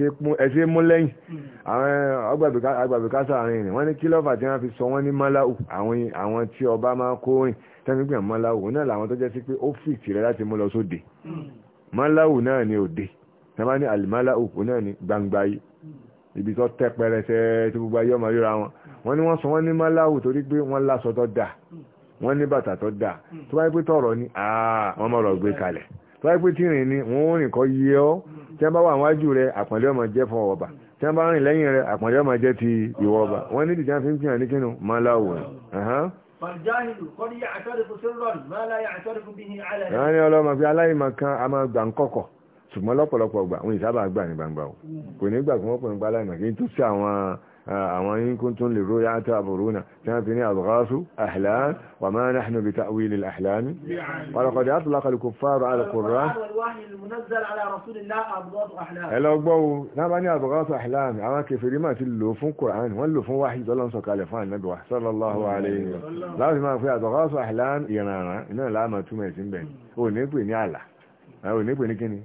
ẹ̀ṣẹ́ mú lẹ́yìn hmm. àwọn agbàbíkásá àárín rìn wọ́n ní kílọ́fà tí wọ́n fi sọ wọ́n ní máláwù àwọn tí ọba máa kó rìn tẹ́gbẹ̀gbẹ̀ máláwù náà làwọn tó jẹ́ sí pé ó fìtì rẹ̀ láti mú lọ sóde hmm. máláwù náà ni òde tẹ́lá ní àlìmálà òkú náà ní gbangba yìí ibi tó tẹ́ pẹrẹsẹ tí gbogbo ayé ọmọ ríra wọn wọ́n ní wọ́n sọ wọ́n ní máláwù torí pé wọ́n láṣọ tó dáa wọ́n ní bàtà tó dáa tó bá yẹ pé tọ̀rọ̀ ni wọ́n mọ̀ lọ gbé kalẹ̀ tó bá yẹ pé tìrìn ni wọ́n ò rìn kọ́ yé ọ́ tí wọ́n bá wà wájú rẹ àpọ̀nlé ọmọ jẹ́ fún ọba tí wọ́n bá rìn lẹ́yìn rẹ àpọ̀nlé ọmọ jẹ́ ti ìwọ ọba wọ́n ní ìdíjà fi ń fihàn ní kínú máláwù rẹ. wọ́n ọlọ́mọ fi aláìmọ̀ kan a máa gbà ń kọ̀kọ̀ ṣùgbọ́n lọ́pọ̀lọpọ̀ gbà wọn ìsábà gbà ní gbangba o kò ní gbà fún ọ̀pọ̀ nípa aláìmọ̀ kí n tó sí àwọn àwọn yín kún tún lè róyà àti àbòrónà tí wọ́n fi ní àbùkásù àhìlán wà máa náà nù bí ta'wil al-ahlam ọ̀rọ̀kọ̀dẹ̀ àtúlákà lùkù fáàrù alùkùrá ẹlọgbọ́ o náà bá ní àbùkásù àhìlán àwọn kẹfìrí máa ti lò fún Qur'an wọ́n lò fún wáhì tọ́lọ́nsọ̀ kalẹ̀ fún ànábìwá àwọn ìnípe ní kíni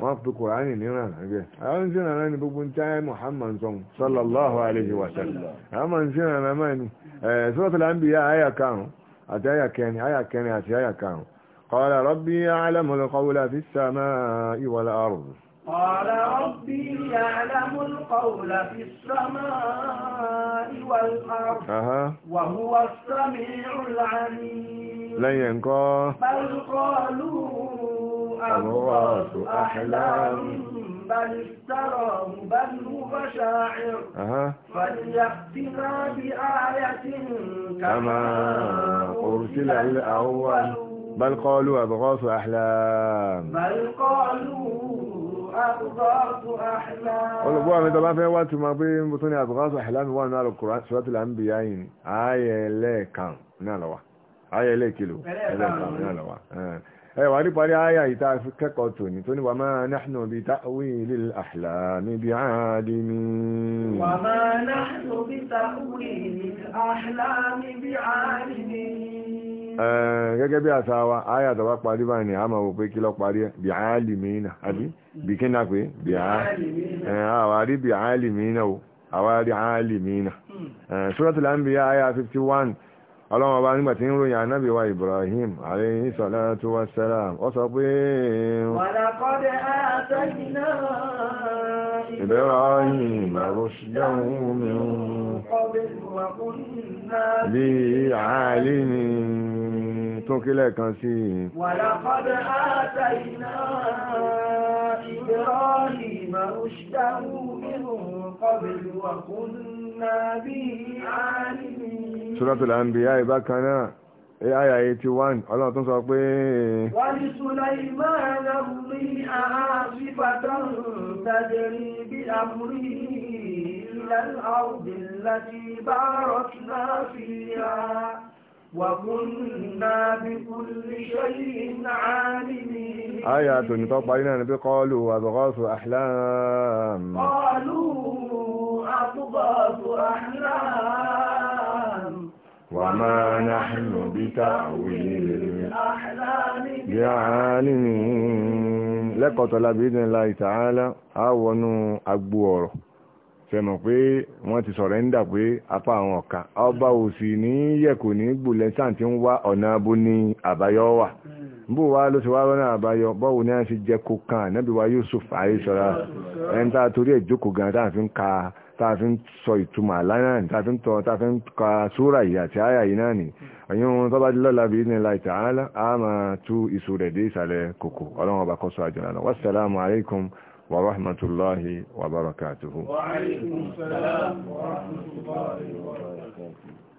wọ́n fi kùránì níran ẹgbẹ́ àwọn ìsìn àrán ní gbogbo táyé Muhammad sọ́n sallallahu alaihi wa sallam àwọn ìsìn àrán máa ní suratul anbiya àyà karùn-ún àti àyà kẹrin àyà kẹrin àti àyà karùn-ún qala rabbi ya'lamu al-qawla fi as-samaa'i wal-ard قال ربي يعلم القول في السماء والأرض أه. وهو السميع العليم لن ينقى بل قالوا الأمراض أحلام بل افتراه بل هو شاعر فليأتنا بآية كما أرسل الأول بل قالوا أضغاث أحلام بل قالوا أضغاث أحلام والله بوعمل دلان ما بين بطني أضغاث أحلام هو نال القرآن سورة الأنبياء آية لي كان نالوا آية لي كيلو نالوا نالوا آه. نالوا ẹwà níparí ayà ìta fi kẹ́kọ̀ọ́ tòní tó ní wà máa náhùn bí ta'wili al-ahlami bí àádìmí wà máa náhùn bí ta'wili al-ahlami bí àádìmí gẹ́gẹ́ bí àṣà wa ayà tó bá parí báyìí ni a máa wò pé kí lọ parí ẹ̀ bí àálìmínà àbí bí kí náà pé bí àárí bí àálìmínà o àwárí àálìmínà hmm. Suratul Anbiya 51 ọlọ́wọ́ bá nígbà tí ń ròyìn ànábì wa Ibrahim alayhi salatu wa salam ó sọ pé Ibrahim rushdahu min bí àálí ni tó kílẹ̀ kan sí Ibrahim rushdahu min قبل وكنا به عالمين سورة الأنبياء بكنا Aya 81, Ọlọ́run tún sọ pé Wa li Sulaymana riyaha sifatan tajri bi amrihi ila al-ardi allati barakna fiha وكنا بكل شيء عالمين آيات تقبلنا بقالوا وأضغاث أحلام قالوا وما نحن بتأويل الأحلام بعالمين lẹ́kọ̀ọ́ tọ́lá bídín láì tààlá á wọnú agbó ọ̀rọ̀ fẹ̀mọ̀ pé wọ́n ti sọ̀rẹ́ńdà pé apá àwọn ọ̀ka ọba òsì ní yẹ̀kù ní gbùlẹ̀ sáà tí ń wá ọ̀nà abú ní àbáyọ wà bó wá ló ti wá rọ́nà àbáyọ bọ́wù ní a ti jẹ́ kó kan ànábì wa Yusuf àyíṣọ́ra ẹni tá torí ẹ̀ jókòó gan tá a fi ń ka tààfin sọ ìtumọ̀ àlá náà ní tààfin tọ́ tààfin ka súra yìí àti àyà yìí náà ní ẹ̀yìn ohun tó bá di lọ́la bí ní láìta àálá a máa tú iṣu rẹ̀ dé ìsàlẹ̀ kòkò ọlọ́run ọba kọ́sọ àjọ̀nà náà wàsálàmù alaikum wa rahmatulahi wa barakatuhu. wa alaikum wa rahmatulahi wa barakatuhu.